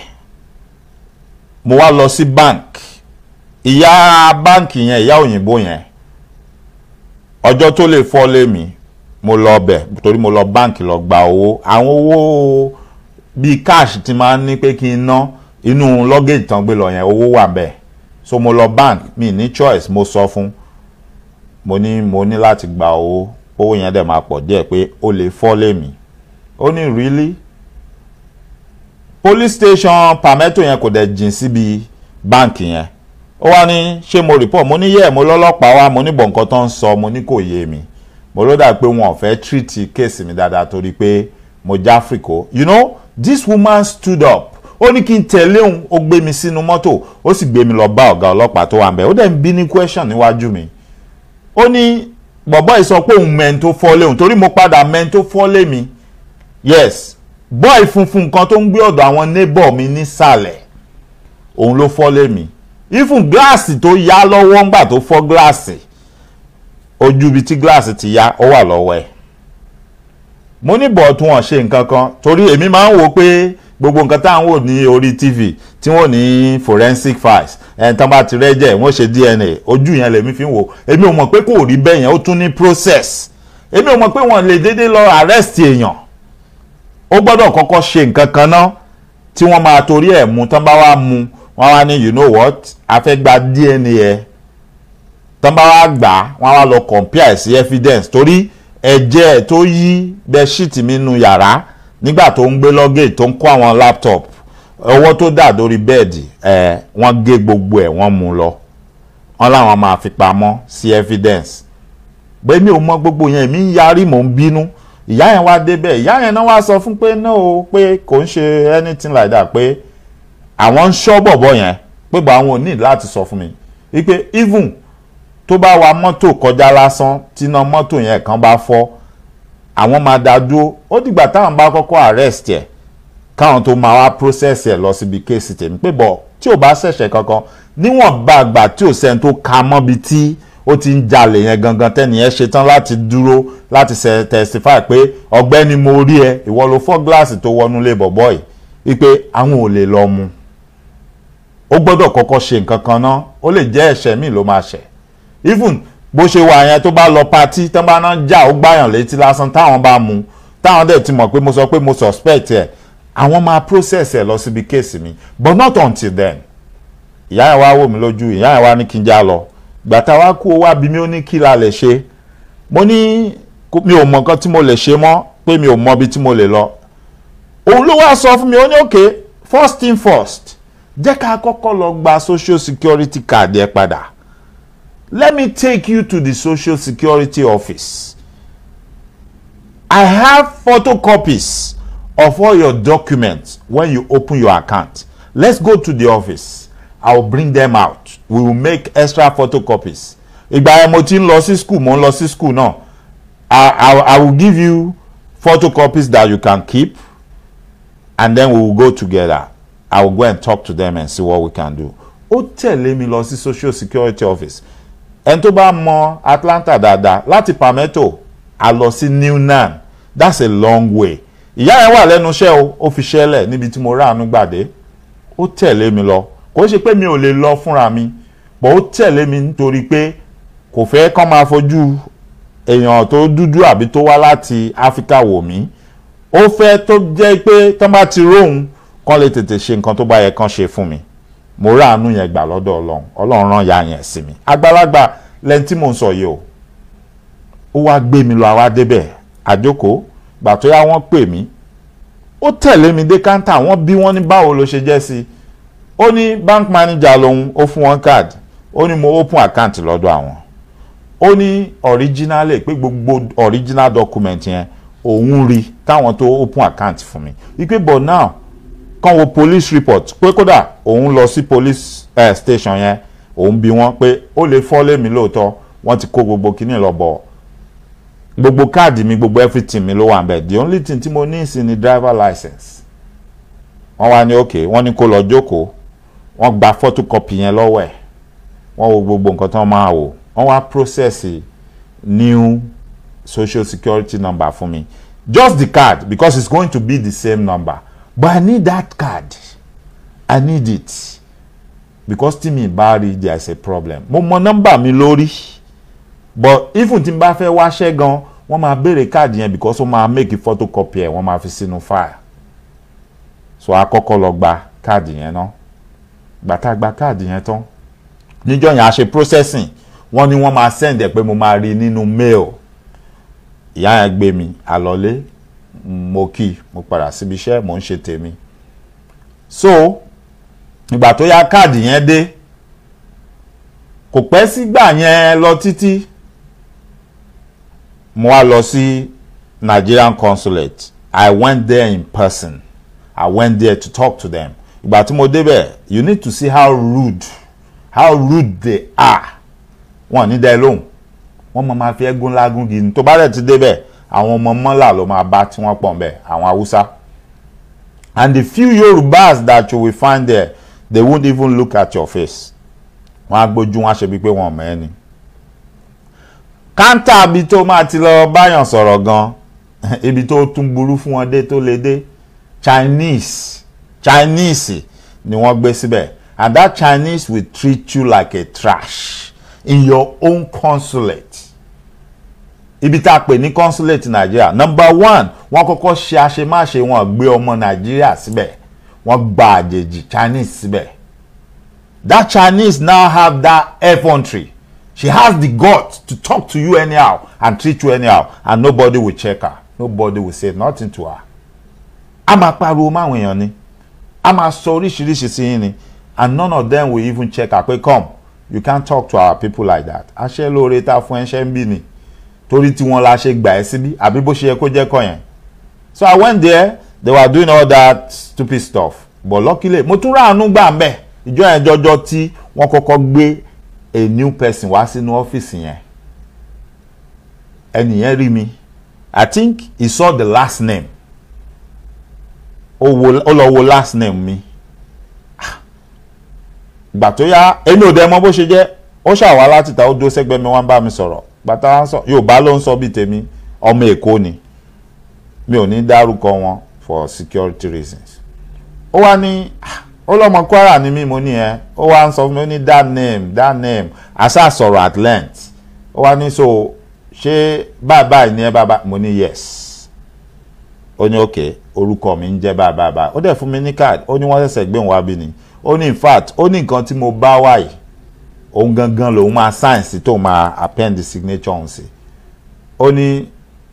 mo wá lọ sí bank ìyá báǹkì yẹn ìyá òyìnbó yẹn ọjọ́ tó lè fọ́ lé mi mo lọ bẹ̀ torí mo lọ báǹkì lọ gba owó àwọn owó bíi cash ti máa ń ní pé kí n ná inú luggage tán gbé lọ yẹn owó wà bẹ́ẹ̀ so mo lọ bank mi ní choice mo sọ fún mo ní mo ní láti gba owó owó yẹn dẹ̀ máa pọ̀ díẹ̀ pé ó lè fọ́ mi ó ní really police station pàmẹ́tò yẹn kò dẹ̀ jìn síbi báǹkì yẹn ó wá ní ṣé mo report mo ní yẹ́ mo lọ́lọ́pàá wá mo ní bọ̀ nǹkan tó ń sọ mo ní kò yé mi mo ló dà pé wọn ò fẹ́ treat case mi dáadáa torí pé mo jáfrìkó you know this woman stood up ó ní kí n tẹ̀lé òun ó gbé mi sínú mọ́tò ó sì gbé mi lọ bá ọ̀gá ọlọ́pàá tó wà ń bẹ̀ ó dẹ̀ ń bí ní question níwájú mi ó ní bọ̀bọ́ ìsọ pé òun mẹ́ni tó fọ́lé òun torí mo padà mẹ́ni tó fọ́lé mi yes bọ́ọ̀ funfun kan tó ń gbé ọ̀dọ̀ àwọn neighbor mi nísàlẹ̀ òun ló fọ́lé mi ifun gíláàsì tó yá lọ́wọ́ ńgbà tó fọ́ gíláàsì ojú ibi tí gíláàsì ti yá ó wà lọ́wọ́ ẹ̀ mo ní bọ̀ tún wọn ṣe nǹkan kan torí èmi máa ń wò pé gbogbo nǹkan tá à ń wò ní tv tí wọ́n ní forensic files ẹni tán bá ti rẹ́jẹ̀ wọ́n ṣe dna ojú yẹn lèmi fi ń wò èmi ò mọ̀ pé kò rí o yẹn ó tún ní process èmi o mọ̀ pé wọ́n lè déédéé lọ arrest èèyàn o gbọ́dọ̀ kọ́kọ́ ṣe nǹkan kan ná tí wọ́n máa torí ẹ̀ mú tán bá wá mú wọ́n wá ní you know what a fẹ́ gba DNA ẹ̀ tán bá wá gbà wọ́n wá lọ compare sí evidence torí ẹ̀jẹ̀ tó yí bẹ́ṣíìtì mi nu yàrá nígbà tó ń gbé luggage tó ń kó àwọn laptop owó tó dà lórí bẹ́ẹ̀dì ẹ̀ wọ́n gé gbogbo ẹ̀ wọ́n mú lọ wọ́n láwọn máa fi pamọ́ sí evidence pé mi ò mọ gbogbo yẹn mi ń yarí mò ń bínú ìyá yẹn wá débẹ̀ ìyá yẹn náà wá sọ fún pé náà o pé kò ń ṣe anything like that pé àwọn ń ṣọ́ bọ̀bọ̀ yẹn pépà àwọn ò ní láti sọ fún mi wípé even tó bá wa mọ́tò kọjá lásán tíná mọ́tò yẹn kan bá fọ́ àwọn máa dá dúró ó dìgbà táwọn bá kọ́kọ́ arrest ẹ̀ káwọn tó máa wá process ẹ̀ lọ síbi kéèsì tèmi pé bọ̀ tí ò bá ṣẹ̀ṣẹ̀ kankan níwọ̀n bá àgbà tí ò sẹ́ni tó ka mọ́bi tí ó ti ń jalè yẹn gangan tẹ́ni yẹn ṣetán láti dúró láti ṣe testify pé ọ̀gbẹ́ni mo rí ẹ ìwọ ló fọ́ gíláàsì tó wọnú lé bọ̀bọ́ yìí wípé àwọn ò lè lọ mu ó gbọ́dọ̀ kọ́kọ́ ṣe nǹkan kan náà ó lè jẹ́ ẹ̀ṣẹ̀ míì ló máa ṣẹ̀ even bó ṣe wà yẹn tó bá lọ patí tán bá náà jà ó gbàyàn létí lásán táwọn bá mu táwọn dẹ̀ ti mọ̀ pé mo sọ pé mo suspect ẹ̀ àwọn máa process ẹ̀ lọ síbi kéèsì mi but not until then ìyá yẹn wá wò mí lójú ìyá yẹn wá ní kí n já lọ gbàtà wá kú owó àbí mi ó ní kí la lè ṣe mo ní mi ò mọ nǹkan tí mo lè ṣe mọ́ pé mi ò mọ ibi tí mo lè lọ òun ló wá sọ fún mi ó ní òkè first thing first jẹ́ ká kọ́kọ́ lọ gba social security card ẹ padà let me take you to the social security office I have photocopies of all your documents when you open your account let's go to the office I will bring them out we will make extra photocopies ìgbà yẹn mo ti ń lọ sí school mo ń lọ sí school náà I, I, I will give you photocopies that you can keep and then we will go together I will go and talk to them and see what we can do. Ó tẹ̀lé mi lọ sí Social Security Office. Ẹni tó bá mọ Atlanta dáadáa láti Palmetto a lọ sí Newnan that's a long way. Ìyá yẹn wà lẹ́nu iṣẹ́ o, ó fi ṣẹlẹ̀ níbi tí mo ráàánú gbàdé. Ó tẹ̀lé mi lọ. Kò ṣe pé mi ò lè lọ fúnra mi, but ó tẹ̀lé mi nítorí pé kò fẹ́ kán máa fojú èèyàn tó dúdú àbí tó wá láti Áfíríkà wò mí. Ó fẹ́ tó jẹ́ pé tán bá ti róhun kán lè tètè ṣe nǹkan tó bá yẹ kán ṣe fún mi mo ráàánú yẹn gbà lọ́dọ̀ ọlọ́run ọlọ́run rán ya yẹn sí mi àgbàlagbà lẹ́ni tí mò ń sọ yìí o ó wá gbé mi lọ àwa débẹ̀ àjókòó gbà tó yá wọ́n pè mí ó tẹ̀lé mi dé káńtà wọ́n bí wọ́n ní báwo ló ṣe jẹ́ sí i ó ní bank manager lòun ó fún wọn card ó ní mo open account lọ́dọ̀ àwọn ó ní original pé gbogbo original document yẹn òun rí táwọn tó open account fún mi wípé but now kàn wo police report pé kódà òun lọ sí police eh, station yẹn òun bi wọ́n pé ó lè fọ́ lémi lóòótọ́ wọ́n ti kó gbogbo kíní lọ bọ̀ gbogbo káàdì mi gbogbo everything mi ló wà ń the only thing tí mo ní ìsìn ni driver license wọ́n wá ní òkè wọ́n ní kó lọ jókòó wọ́n gba photocopy yẹn lọ́wọ́ ẹ̀ wọ́n wo gbogbo nǹkan tó máa wò wọ́n wá process new social security number fún mi just the card because it's going to be the same number but i need that card i need it because tí mi bá rí there is a problem mo mọ nọ́mbà mi lórí but even tí n bá fẹ́ wáṣẹ́ gan wọ́n máa béèrè káàdì yẹn because wọ́n máa make a photocopy ẹ̀ wọ́n máa fi sínú file so àkọ́kọ́ lọ gba káàdì yẹn náà gbàtà gba káàdì yẹn tán níjọ́ yẹn a ṣe processing wọ́n ní wọ́n máa send ẹ̀ pé mo máa rí nínú mail ìyá yẹn gbé mi àlọ́lé mo kì mo padà síbi iṣẹ́ mo ń ṣe tèmi so ìgbà tó ya káàdì yẹn dé kò pẹ́ sígbà yẹn lọ títí mo wá lọ sí Nigerian consulate I went there in person I went there to talk to them ìgbà tí mo débẹ̀ you need to see how rude how rude they are wọ́n ní dá ẹ lóhùn wọ́n máa ma fi ẹgún lágún gidi tó bá rẹ̀ ti débẹ̀ àwọn ọmọ mọ́là ló máa bá tí wọ́n pọ̀ ń bẹ̀ àwọn haúsá and the few yorùbás that you will find there they won't even look at your face wọ́n á gbójú wọn á ṣe bíi pé wọ́n mọ̀ ẹ́ ni káńtà bí tó máa ti lọ báyàn sọ̀rọ̀ gan ibi tó tún burú fún wọn dé tó lè dé chinese chinese ni wọ́n gbé síbẹ̀ and that chinese will treat you like a trash in your own consulate ibi tá a pè ní consulate Nigeria number one wọ́n kọ́kọ́ ṣe àṣemáṣe wọ́n gbé ọmọ Nigeria síbẹ̀ wọ́n gba àjèjì Chinese síbẹ̀ that Chinese now have that air country. she has the guts to talk to you anyhow and treat you anyhow and nobody will check her nobody will say nothing to her a máa pariwo máwọn èèyàn ni a máa sọ oríṣiríṣi sí yín ni and none of them will even check her pé come you can't talk to our people like that àṣẹ lóore tá a fún ẹṣẹ ń bí ni torí tí wọ́n la ṣe gbà ẹ́ síbí àbí bó ṣe yẹ kó jẹ́ kọ́ yẹn so i went there they were doing all that stupid stuff but luckily mo tún ráàánú gbà ń bẹ̀ ìjọ yẹn jọjọ tí wọ́n kọ́kọ́ gbé a new person wá sínú ọ́fíìsì yẹn ẹnìyẹn rí mi i think he saw the last name ó lọ wo last name mi ìgbà tó yá èmi ò dẹ mọ bó ṣe jẹ́ ó ṣàwá láti ta ó dúró sẹ́gbẹ́ mi bá mi sọ̀rọ̀ bàtà wọn sọ yorùbá ló ń sọ bíi tèmi ọmọ èkó ni mi ò ní dárúkọ wọn for security reasons ó wá ní ah, ó lọ́mọ kwara ni mí mo ní ẹ ó wá ń sọ fún mi ó ní that name that name àṣà sọ̀rọ̀ at length ó wá ní so ṣé bàbá ìní ẹ bàbá mo ní yes ó ní ok orúkọ mi ń jẹ́ bàbá bàbá ó dẹ̀ fún mi ní card ó ní wọ́n ṣẹ̀ṣẹ̀ gbé wọn wá bí ni ó ní in fact ó ní nǹkan tí mo bá wáyìí òun gangan lòun máa sign sí tó máa append the signature òun sí ó ní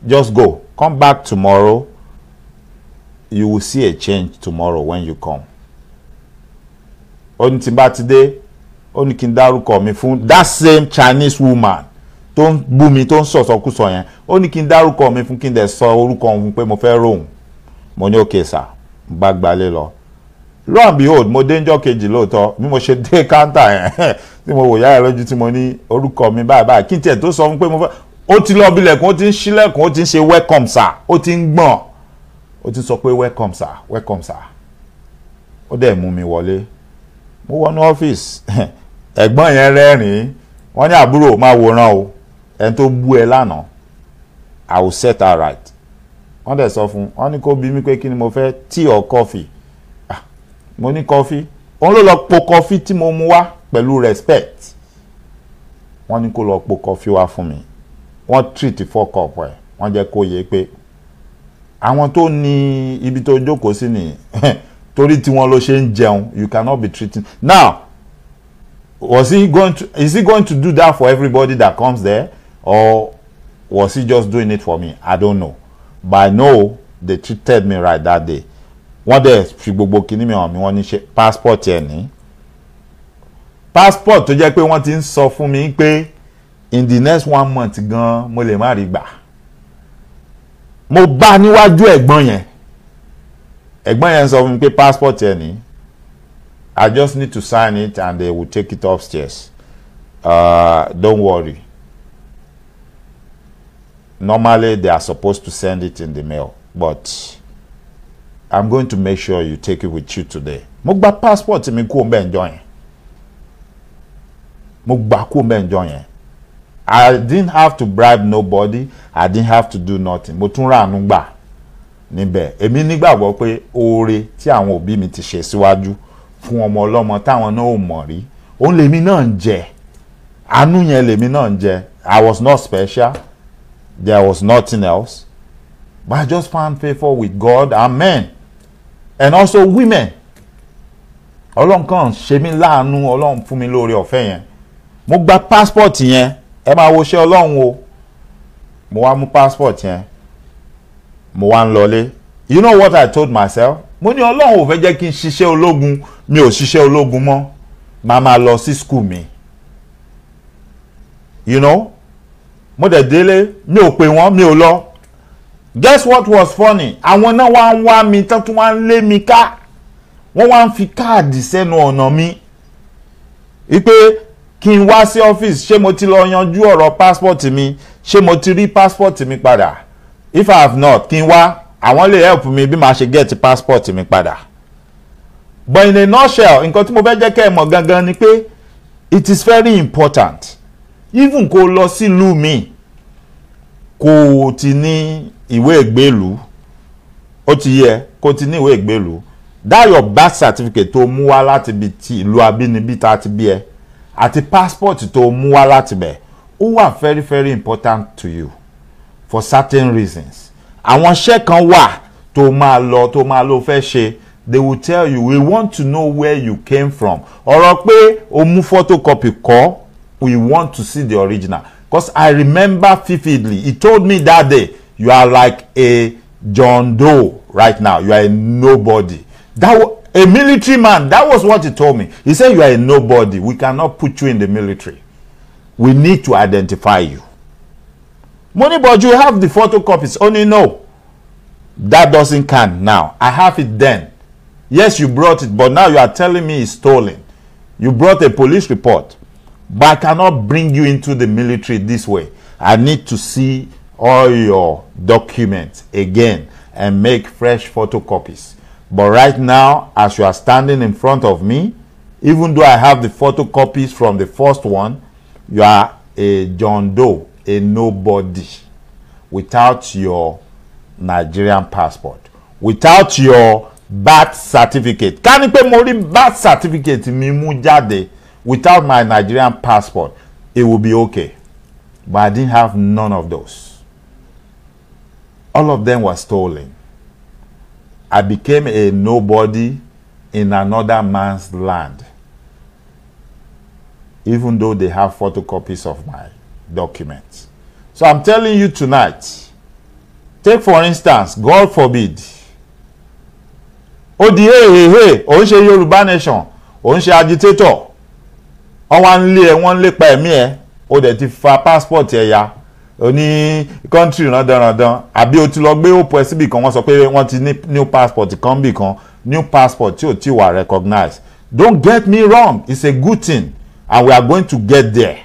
just go come back tomorrow you will see a change tomorrow when you come ó ní tí bá ti dé ó ní kí n dárúkọ mi fún that same Chinese woman tó ń bú mi tó ń sọ̀sọ̀kúsọ yẹn ó ní kí n dárúkọ mi fún kí n dẹ̀ sọ orúkọ òun pé mo fẹ́ rohùn mo ní òkè sà n bá gbalé lọ lo and behold mo dé njọ́ kejì lóòótọ́ bí mo ṣe dé káńtà yẹn tí mo wò yára lójú tí mo ní orúkọ mi báyìí báyìí kí n tiẹ̀ tó sọ fún pé mo fẹ́ ó ti lọ bilẹ̀kùn ó ti ń ṣílẹ̀kùn ó ti ń ṣe welcome sir ó ti ń gbọ̀n ó ti sọ pé welcome sir welcome sir ó dẹ̀ mú mi wọlé mo wọnú ọ́fíìsì ẹ̀gbọ́n yẹn rẹ́rìn-ín wọ́n ní àbúrò máa wòran o ẹni tó bú ẹ lánàá i will set her right wọ́n dẹ̀ sọ fún un wọ́n ní bí mi pé kí ni mo fẹ́ tea or coffee ah, mo ní coffee òun ló lọ po coffee tí mo mu wá pẹ̀lú respect wọ́n ní kó lọ po kọfí wá fún mi wọ́n treat four cup ẹ̀ wọ́n jẹ́ kó yé pé àwọn tó ní ibi tó jókòó sí nìyí torí tí wọ́n ló ṣe ń jẹun you cannot be treating now was he going to is he going to do that for everybody that comes there or was he just doing it for me i don't know but i know they treated me right that day wọ́n dẹ̀ fi gbogbo kinní mi hàn mí wọ́n ní ṣe passport ẹ̀ ní passport tó jẹ́ pé wọ́n ti ń sọ fún mi pé in the next one month gan mo lè má rí gbà mo bá níwájú ẹ̀gbọ́n yẹn ẹ̀gbọ́n yẹn sọ fún mi pé passport yẹn ni I just need to sign it and they will take it upstairs uh, don't worry normally they are supposed to send it in the mail but I'm going to make sure you take it with you today mo gba passport mi kú o bẹ́ẹ̀ jọ yẹn mo gbà kú mẹ́jọ yẹn i didn't have to bribe nobody i didn't have to do nothing mo tún ràánú gbà níbẹ̀ èmi nígbàgbọ́ pé oore tí àwọn òbí mi ti ṣe síwájú fún ọmọ ọlọ́mọ táwọn náà ò mọ̀ rí òun lèmi náà ń jẹ àánú yẹn lèmi náà ń jẹ i was not special there was nothing else but i just found favour with god and men and also women ọlọ́run kàn ṣe mí láàánú ọlọ́run fún mi lóore ọ̀fẹ́ yẹn mo gba passport yẹn ẹ máa wo iṣẹ́ ọlọ́run o mo wá mú passport yẹn mo wá ń lọlé you know what I told myself mo ní ọlọ́run ò fẹ́ jẹ́ kí n ṣiṣẹ́ ológun mi ò ṣiṣẹ́ ológun mọ́ màá máa lọ sí school mi you know mo dẹ̀ délé mi ò pè wọ́n mi ò lọ guess what was funny àwọn náà wá ń wá mi tán tún wá ń lé mi ká wọ́n wá ń fi káàdì sẹ́nu ọ̀nà mi Ipe kí n wá sí ọ́fíìsì ṣé mo ti lọ yanjú ọ̀rọ̀ passport mi ṣé mo ti rí passport mi padà if i have not kí n wá àwọn lè help mi bí màá ṣe get passport mi padà but in a nutshell nǹkan tí mo fẹ́ jẹ́ kẹ́ ẹ mọ̀ gangan ni pé it is very important even kó o lọ sílùú mi kó o ti ní ìwé ìgbélùú ó ti yẹ kó o ti ní ìwé ìgbélùú dá your birth certificate tó mú wá láti ibi ti ìlú abínibí tá a ti bí ẹ àti passport tó mú wá láti bẹ̀ ó wà very very important to you for certain reasons àwọn iṣẹ́ kan wà tó máa lọ tó máa lọ fẹ́ ṣe they will tell you we want to know where you came from ọ̀rọ̀ pé o mú photocopy kọ́ we want to see the original because I remember vividly he told me that day you are like a John Doe right now you are a nobody that a military man. That was what he told me. He said, You are a nobody. We cannot put you in the military. We need to identify you. Money, but you have the photocopies. Only no. That doesn't count now. I have it then. Yes, you brought it, but now you are telling me it's stolen. You brought a police report. But I cannot bring you into the military this way. I need to see all your documents again and make fresh photocopies. But right now, as you are standing in front of me, even though I have the photocopies from the first one, you are a John Doe, a nobody, without your Nigerian passport, without your birth certificate. Can I pay more birth certificate mi mú without my Nigerian passport, it will be okay. But I didn't have none of those. All of them were stolen. I became a nobody in another man's land, even though they have photocopies of my documents. So I'm telling you tonight, take for instance, God forbid, ó di hehehe òun ṣe Yorùbá nation òun agitator ọwọ́ lé ẹ wọ́n ń lépa ẹ̀mí ẹ ó dẹ̀ ti fa passport ẹ̀ ya oní kọ́ńtì randanrandan àbí o ti lọ gbé òpó ẹ síbì kan wọ́n sọ pé wọ́n ti ní new passport kan bì kan new passport tí ò tí wà recognized don't get me wrong it's a good thing and we are going to get there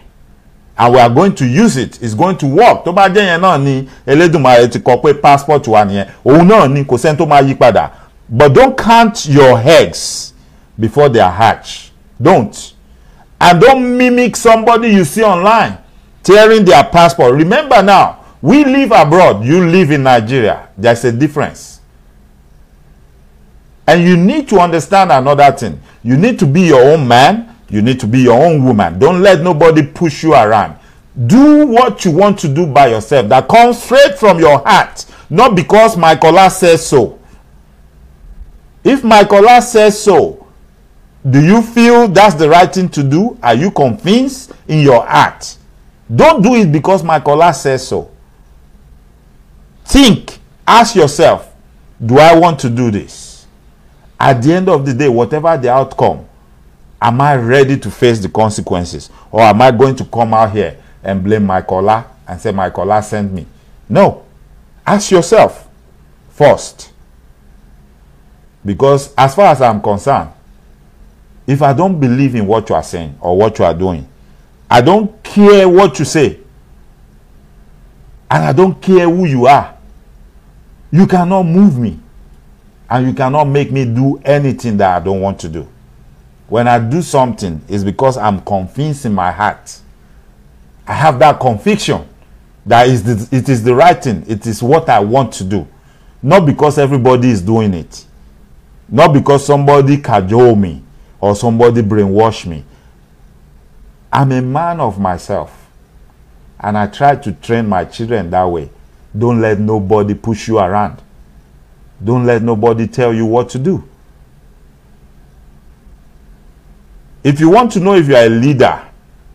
and we are going to use it it's going to work tó bá jẹ́ yẹn náà ni Elédùmarè ti kọ pé passport wa nìyẹn òun náà ni kò sẹ́ni tó máa yí padà but don't count your eggs before they are hatched don't and don't mimic somebody you see online tearing their passport. Remember now, we live abroad, you live in Nigeria. There's a difference. And you need to understand another thing. You need to be your own man. You need to be your own woman. Don't let nobody push you around. Do what you want to do by yourself. That comes straight from your heart. Not because Michaela says so. If Michaela says so, do you feel that's the right thing to do? Are you convinced in your heart? Don't do it because my caller says so. Think, ask yourself, do I want to do this? At the end of the day, whatever the outcome, am I ready to face the consequences? Or am I going to come out here and blame my caller and say, my caller sent me? No. Ask yourself first. Because as far as I'm concerned, if I don't believe in what you are saying or what you are doing, I don't care what you say. And I don't care who you are. You cannot move me. And you cannot make me do anything that I don't want to do. When I do something, it's because I'm convinced in my heart. I have that conviction that it is the right thing. It is what I want to do. Not because everybody is doing it. Not because somebody cajole me or somebody brainwash me I'm a man of myself. And I try to train my children that way. Don't let nobody push you around. Don't let nobody tell you what to do. If you want to know if you are a leader,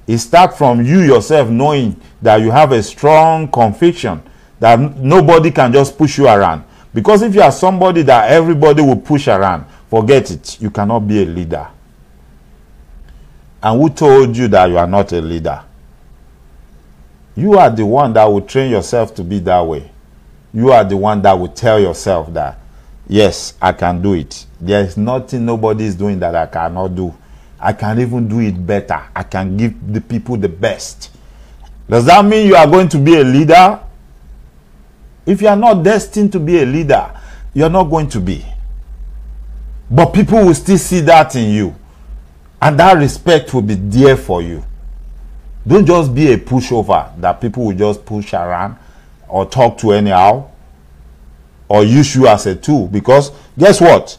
it starts from you yourself knowing that you have a strong conviction that nobody can just push you around. Because if you are somebody that everybody will push around, forget it. You cannot be a leader. And who told you that you are not a leader? You are the one that will train yourself to be that way. You are the one that will tell yourself that, yes, I can do it. There is nothing nobody is doing that I cannot do. I can even do it better. I can give the people the best. Does that mean you are going to be a leader? If you are not destined to be a leader, you are not going to be. But people will still see that in you. And that respect will be there for you. Don't just be a pushover that people will just push around or talk to anyhow or use you as a tool. Because guess what?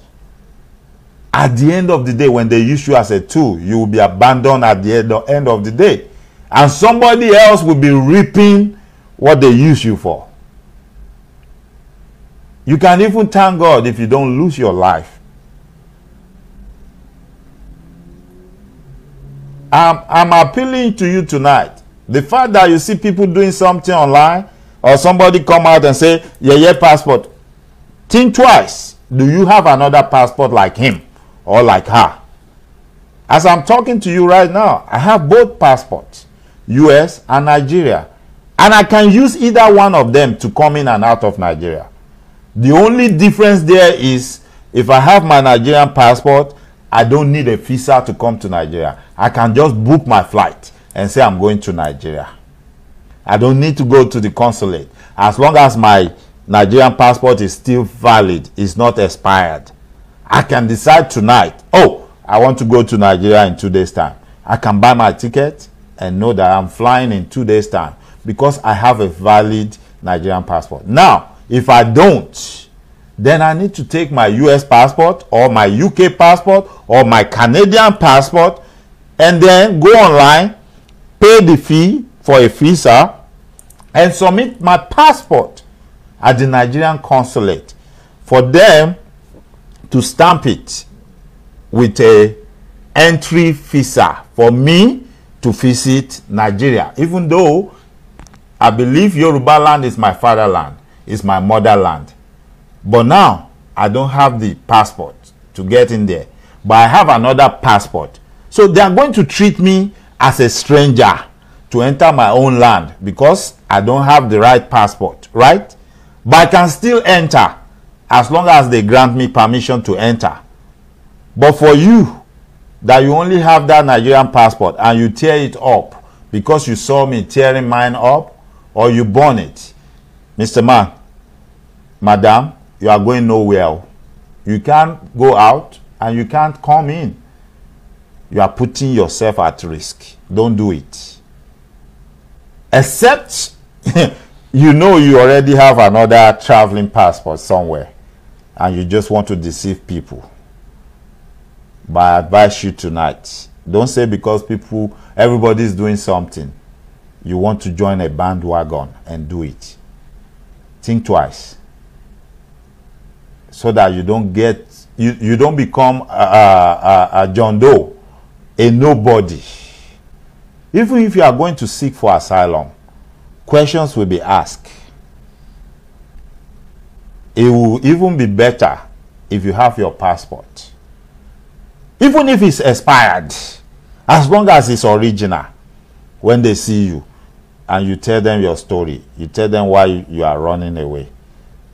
At the end of the day, when they use you as a tool, you will be abandoned at the end of the day. And somebody else will be reaping what they use you for. You can even thank God if you don't lose your life. I'm, I'm appealing to you tonight. The fact that you see people doing something online or somebody come out and say, yeah, yeah, passport. Think twice. Do you have another passport like him or like her? As I'm talking to you right now, I have both passports, US and Nigeria. And I can use either one of them to come in and out of Nigeria. The only difference there is if I have my Nigerian passport, I don't need a visa to come to Nigeria. I can just book my flight and say I'm going to Nigeria. I don't need to go to the consulate. As long as my Nigerian passport is still valid, it's not expired. I can decide tonight, oh, I want to go to Nigeria in two days' time. I can buy my ticket and know that I'm flying in two days' time because I have a valid Nigerian passport. Now, if I don't, then I need to take my US passport or my UK passport or my Canadian passport and then go online, pay the fee for a visa, and submit my passport at the Nigerian consulate for them to stamp it with a entry visa for me to visit Nigeria, even though I believe Yoruba land is my fatherland, is my motherland. But now I don't have the passport to get in there, but I have another passport. So they are going to treat me as a stranger to enter my own land because I don't have the right passport, right? But I can still enter as long as they grant me permission to enter. But for you, that you only have that Nigerian passport and you tear it up because you saw me tearing mine up or you burn it, Mr. Man, Madam, you are going nowhere. You can't go out and you can't come in. You are putting yourself at risk. Don't do it. Except you know you already have another traveling passport somewhere and you just want to deceive people. But I advise you tonight don't say because people, everybody is doing something, you want to join a bandwagon and do it. Think twice so that you don't get you, you don't become a, a, a, John Doe, a nobody. Even if you are going to seek for asylum, questions will be asked. It will even be better if you have your passport. Even if it's expired, as long as it's original, when they see you and you tell them your story, you tell them why you are running away,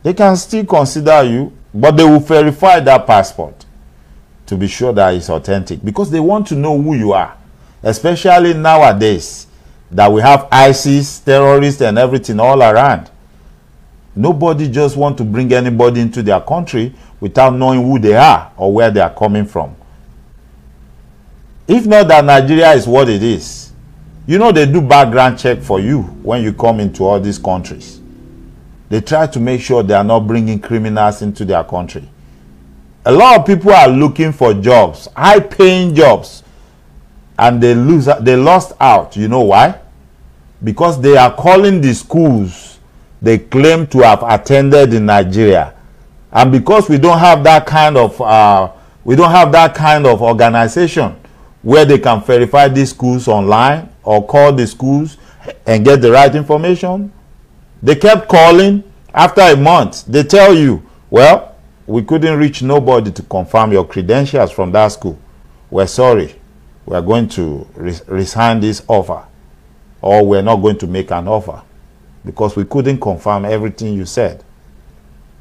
they can still consider you but they will verify that passport to be sure that it's authentic because they want to know who you are, especially nowadays that we have ISIS, terrorists, and everything all around. Nobody just want to bring anybody into their country without knowing who they are or where they are coming from. If not that Nigeria is what it is, you know they do background check for you when you come into all these countries. They try to make sure they are not bringing criminals into their country. A lot of people are looking for jobs, high paying jobs, and they lose they lost out. You know why? Because they are calling the schools they claim to have attended in Nigeria. And because we don't have that kind of uh, we don't have that kind of organization where they can verify these schools online or call the schools and get the right information, they kept calling. After a month, they tell you, well, we couldn't reach nobody to confirm your credentials from that school. We're sorry. We're going to res resign this offer. Or we're not going to make an offer. Because we couldn't confirm everything you said.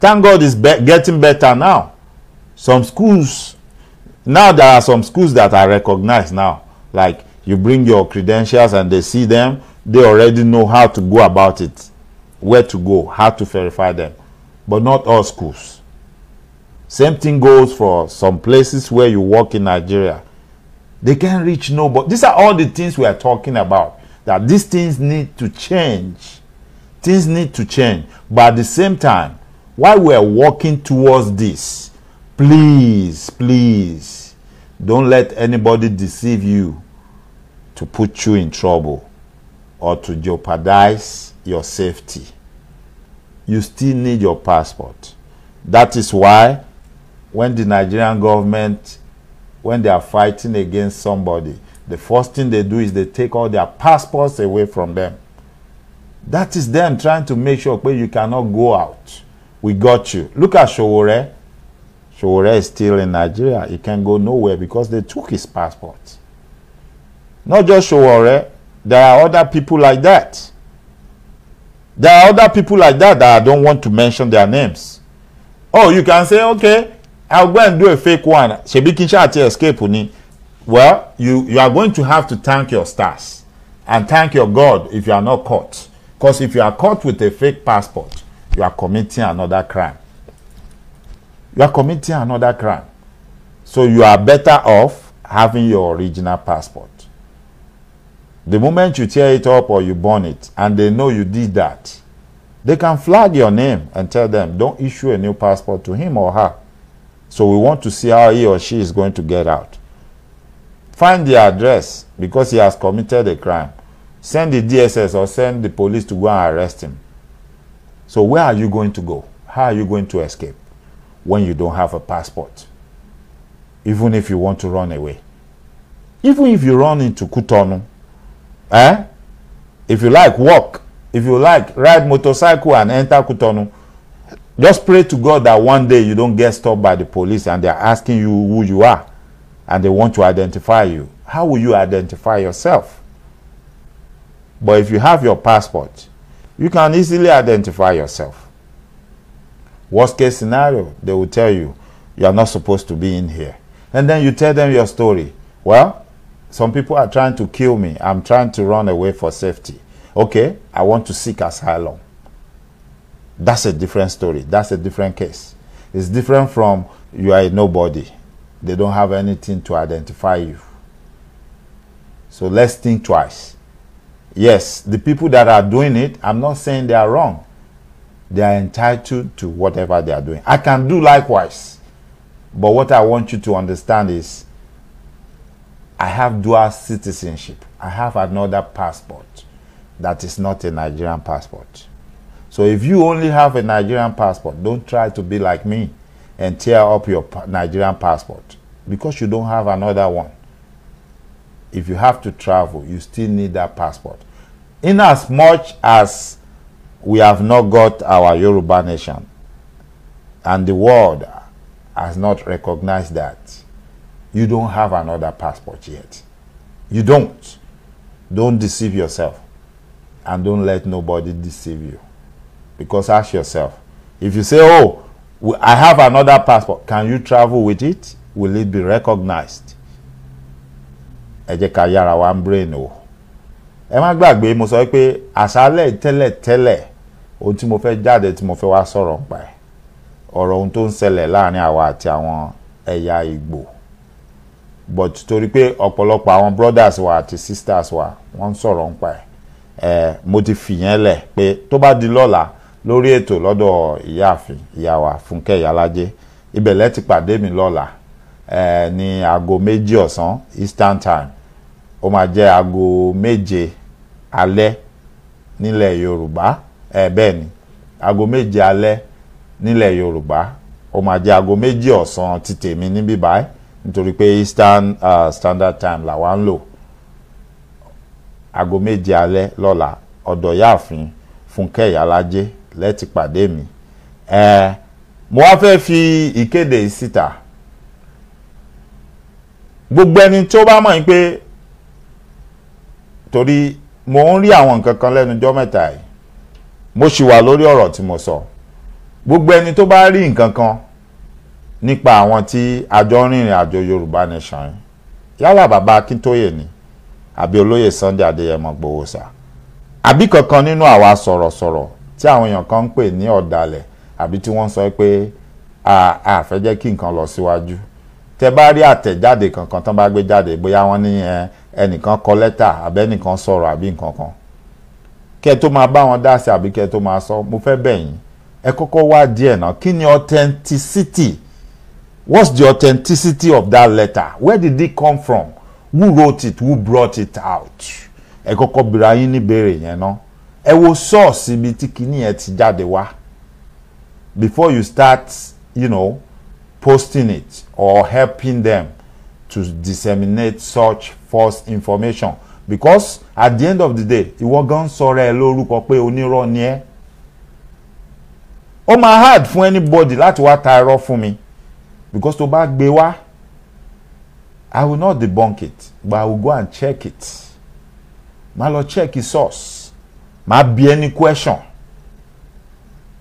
Thank God it's be getting better now. Some schools, now there are some schools that are recognized now. Like you bring your credentials and they see them, they already know how to go about it where to go, how to verify them, but not all schools. Same thing goes for some places where you work in Nigeria. They can't reach nobody. These are all the things we are talking about. That these things need to change. Things need to change. But at the same time, while we are working towards this, please, please, don't let anybody deceive you to put you in trouble or to jeopardize your safety, you still need your passport. That is why when the Nigerian government, when they are fighting against somebody, the first thing they do is they take all their passports away from them. That is them trying to make sure well, you cannot go out. We got you. Look at Showore. Showore is still in Nigeria. He can go nowhere because they took his passport. Not just Showore, there are other people like that. There are other people like that that I don't want to mention their names. Oh, you can say, okay, I'll go and do a fake one. Shebi Kinshati escape ni. Well, you, you are going to have to thank your stars and thank your God if you are not caught. Because if you are caught with a fake passport, you are committing another crime. You are committing another crime. So you are better off having your original passport. The moment you tear it up or you burn it and they know you did that, they can flag your name and tell them, don't issue a new passport to him or her. So we want to see how he or she is going to get out. Find the address because he has committed a crime. Send the DSS or send the police to go and arrest him. So where are you going to go? How are you going to escape when you don't have a passport? Even if you want to run away. Even if you run into Kutonu, Eh? If you like, walk. If you like, ride motorcycle and enter Kutonu. Just pray to God that one day you don't get stopped by the police and they're asking you who you are and they want to identify you. How will you identify yourself? But if you have your passport, you can easily identify yourself. Worst case scenario, they will tell you, you are not supposed to be in here. And then you tell them your story. Well, some people are trying to kill me. I'm trying to run away for safety. Okay, I want to seek asylum. That's a different story. That's a different case. It's different from you are a nobody. They don't have anything to identify you. So let's think twice. Yes, the people that are doing it, I'm not saying they are wrong. They are entitled to whatever they are doing. I can do likewise. But what I want you to understand is I have dual citizenship. I have another passport that is not a Nigerian passport. So if you only have a Nigerian passport, don't try to be like me and tear up your Nigerian passport because you don't have another one. If you have to travel, you still need that passport. In as much as we have not got our Yoruba nation and the world has not recognized that, you don't have another passport yet. You don't. Don't deceive yourself. And don't let nobody deceive you. Because ask yourself if you say, Oh, I have another passport, can you travel with it? Will it be recognized? Ẹ jẹ́ wa ń brain o. Ẹ má gbàgbé mo sọ pé àṣálẹ̀ tẹ́lẹ̀ tẹ́lẹ̀ ohun tí mo fẹ́ jáde tí mo fẹ́ wá sọ̀rọ̀ pa ẹ̀. Ọ̀rọ̀ ohun tó ń ṣẹlẹ̀ láàrin àwa àti àwọn ẹ̀yà Ìgbò but torí pé ọ̀pọ̀lọpọ̀ àwọn brothers wa àti sisters wa wọ́n ń sọ̀rọ̀ nípa ẹ̀ mo ti fìyẹn lẹ̀ pé tó bá di lọ́la lórí ètò lọ́dọ̀ ìyáàfin ìyá wa Fúnkẹ́ Ìyálájé ibẹ̀lẹ́ ti pàdé mi lọ́la eh, ní aago méjì ọ̀sán Eastern Time ó máa jẹ́ aago méje alẹ́ nílẹ̀ Yorùbá eh, bẹ́ẹ̀ ni aago méje alẹ́ nílẹ̀ Yorùbá ó máa jẹ́ aago méjì ọ̀sán ti níbí báyìí nítorí pé eastern uh, standard time làwa ń lò aago méje alẹ́ lọ́la ọ̀dọ̀ yáàfin fúnkẹ́ ìyálájẹ́ lẹ́tì pàdé mi eh, mo wá fẹ́ fi ìkéde síta gbogbo ẹni tó bá mọ̀ pé torí mo ń rí àwọn nǹkan kan lẹ́nu jọ́ mẹ́ta yìí mo sì wà lórí ọ̀rọ̀ tí mo sọ gbogbo ẹni tó bá rí nǹkan kan nípa àwọn tí àjọ rìnrìn àjò yorùbá nation yìí yálà bàbá akíntóyè ni àbí olóyè sunday adéyẹmọ gbowósà àbí kankan nínú àwa sọ̀rọ̀sọ̀rọ̀ tí àwọn èèyàn kan ń pè ní ọ̀dàlẹ̀ àbí tí wọ́n sọ pé a fẹ́ jẹ́ kí nǹkan lọ síwájú tẹ bá rí àtẹ̀jáde kankan tán bá gbé jáde bóyá wọ́n ní ẹnìkan kọ lẹ́tà àbẹ́nìkan sọ̀rọ̀ àbí nǹkan kan kẹ tó máa bá wọn dá sí àbí kẹ tó máa sọ mo fẹ́ bẹ̀ ẹ kọ́kọ́ wá díẹ̀ náà kí ni authenticity what's the authenticity of that letter where did it come from who wrote it who brought it out ẹ kọ́kọ́ bira yín níbèrè yẹn náà ẹ wo source ibi tí kinní yẹn ti jáde wá before you start you know, posting it or helping them to disseminate such false information because at the end of the day ìwọ gan sọ̀rọ̀ ẹ lórúkọ pé onírọ́ ni ẹ́ ó máa hard fún anybody láti wá ta irọ́ fún mi because to bá gbé wá i will not debunk it but i will go and check it màá lọ check his source màá bi any question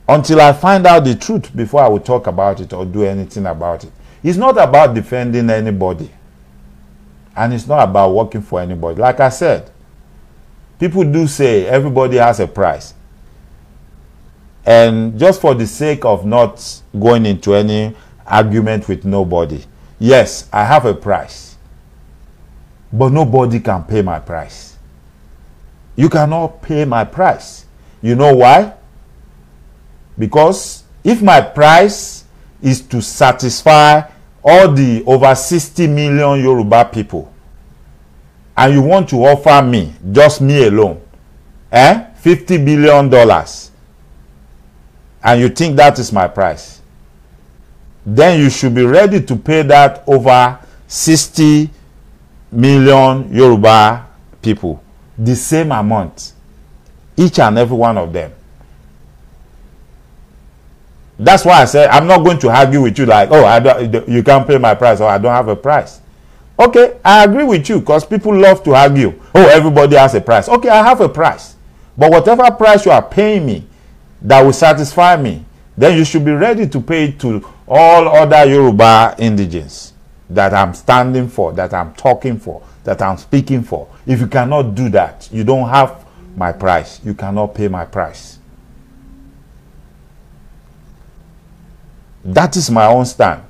until i find out the truth before i will talk about it or do anything about it it's not about defending anybody and it's not about working for anybody like i said people do say everybody has a price and just for the sake of not going into any argument with nobody. Yes, I have a price, but nobody can pay my price. You cannot pay my price. You know why? Because if my price is to satisfy all the over 60 million Yoruba people, and you want to offer me, just me alone, eh, 50 billion dollars, and you think that is my price, then you should be ready to pay that over 60 million Yoruba people, the same amount, each and every one of them. That's why I said I'm not going to argue with you like, oh, I don't, you can't pay my price or I don't have a price. Okay, I agree with you because people love to argue. Oh, everybody has a price. Okay, I have a price. But whatever price you are paying me that will satisfy me, then you should be ready to pay to all other Yoruba indigents that I'm standing for, that I'm talking for, that I'm speaking for. If you cannot do that, you don't have my price. You cannot pay my price. That is my own stand.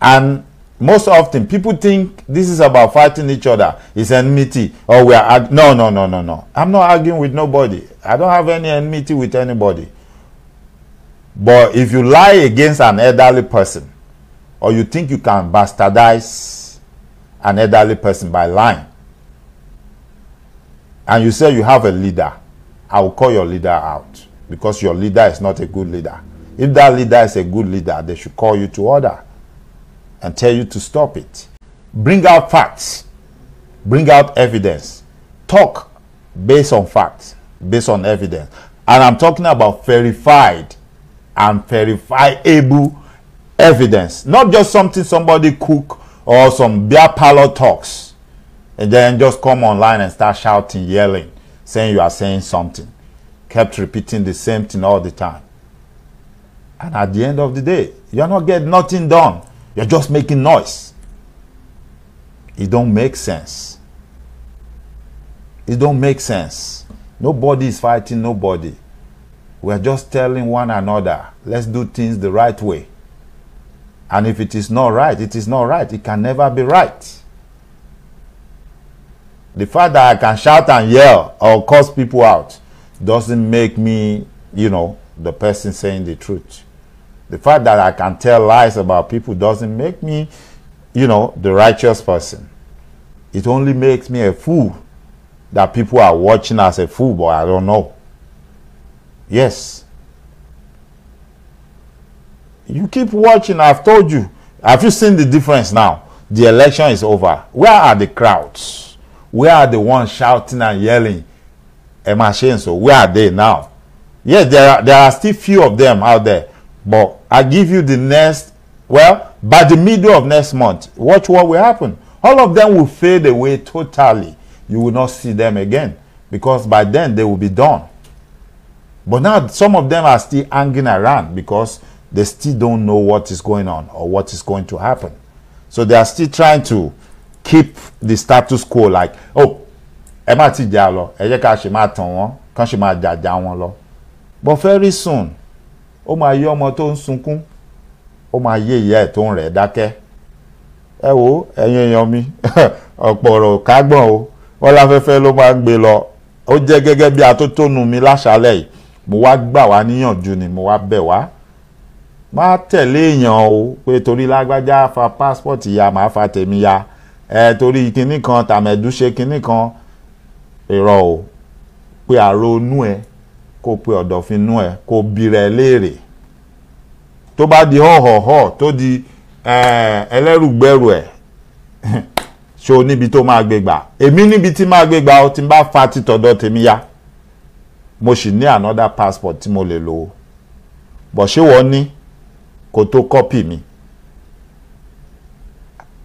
And most often, people think this is about fighting each other. It's enmity. Or we are... No, no, no, no, no. I'm not arguing with nobody. I don't have any enmity with anybody. But if you lie against an elderly person, or you think you can bastardize an elderly person by lying, and you say you have a leader, I will call your leader out because your leader is not a good leader. If that leader is a good leader, they should call you to order and tell you to stop it. Bring out facts, bring out evidence, talk based on facts, based on evidence. And I'm talking about verified and verifiable evidence. Not just something somebody cook or some beer parlor talks and then just come online and start shouting, yelling, saying you are saying something. Kept repeating the same thing all the time. And at the end of the day, you're not getting nothing done. You're just making noise. It don't make sense. It don't make sense. Nobody is fighting nobody. We're just telling one another, let's do things the right way. And if it is not right, it is not right. It can never be right. The fact that I can shout and yell or curse people out doesn't make me, you know, the person saying the truth. The fact that I can tell lies about people doesn't make me, you know, the righteous person. It only makes me a fool that people are watching as a fool, but I don't know. Yes. You keep watching. I've told you. Have you seen the difference now? The election is over. Where are the crowds? Where are the ones shouting and yelling? Emma so where are they now? Yes, there are, there are still few of them out there. But I give you the next, well, by the middle of next month, watch what will happen. All of them will fade away totally. You will not see them again because by then they will be done. But now some of them are still hanging around because they still don't know what is going on or what is going to happen. So they are still trying to keep the status quo like, oh, ẹ má ti jà lọ, ẹ jẹ́ ká ṣe máa tàn wọ́n, kán ṣe máa jàjà wọn lọ. But very soon, ó máa yé ọmọ tó ń sunkún, ó máa yé ìyá ẹ̀ tó ń rẹ̀ dákẹ́. Ẹ wo ẹ̀yin èèyàn mi, ọ̀pọ̀ ọ̀rọ̀ kágbọ̀n o, wọ́n láfẹ́fẹ́ ló máa ń gbé lọ. Ó jẹ́ gẹ́gẹ́ bí atótónu mi láṣálẹ̀ yìí mo wá gbà wá níyànjú ni mo wá bẹ̀ wá má tẹ̀lé èèyàn o pé torí lágbájá fa pásítọ̀tì ya ma fa tèmi ya ẹ torí kinní kan tàmẹ̀dú ṣe kinní kan èrò o pé àrònú ẹ kó pe ọ̀dọ̀fínú ẹ kó bìrẹ̀ léèrè tó bá di họ̀họ̀họ̀ tó di ẹlẹ́rùgbẹ́rù ẹ̀ ṣo níbi tó máa gbégbà èmi níbi tí máa gbégbà ó ti bá fa títọ̀dọ̀ tèmi ya. mo ní another passport tí mo lè lò ó bọ̀ wọ́n ní kó tó copy me."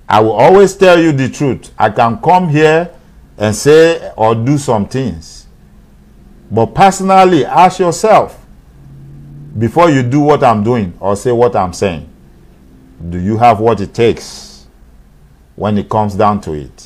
I will always tell you the truth. I can come here and say or do some things. But personally, ask yourself before you do what I'm doing or say what I'm saying. Do you have what it takes when it comes down to it?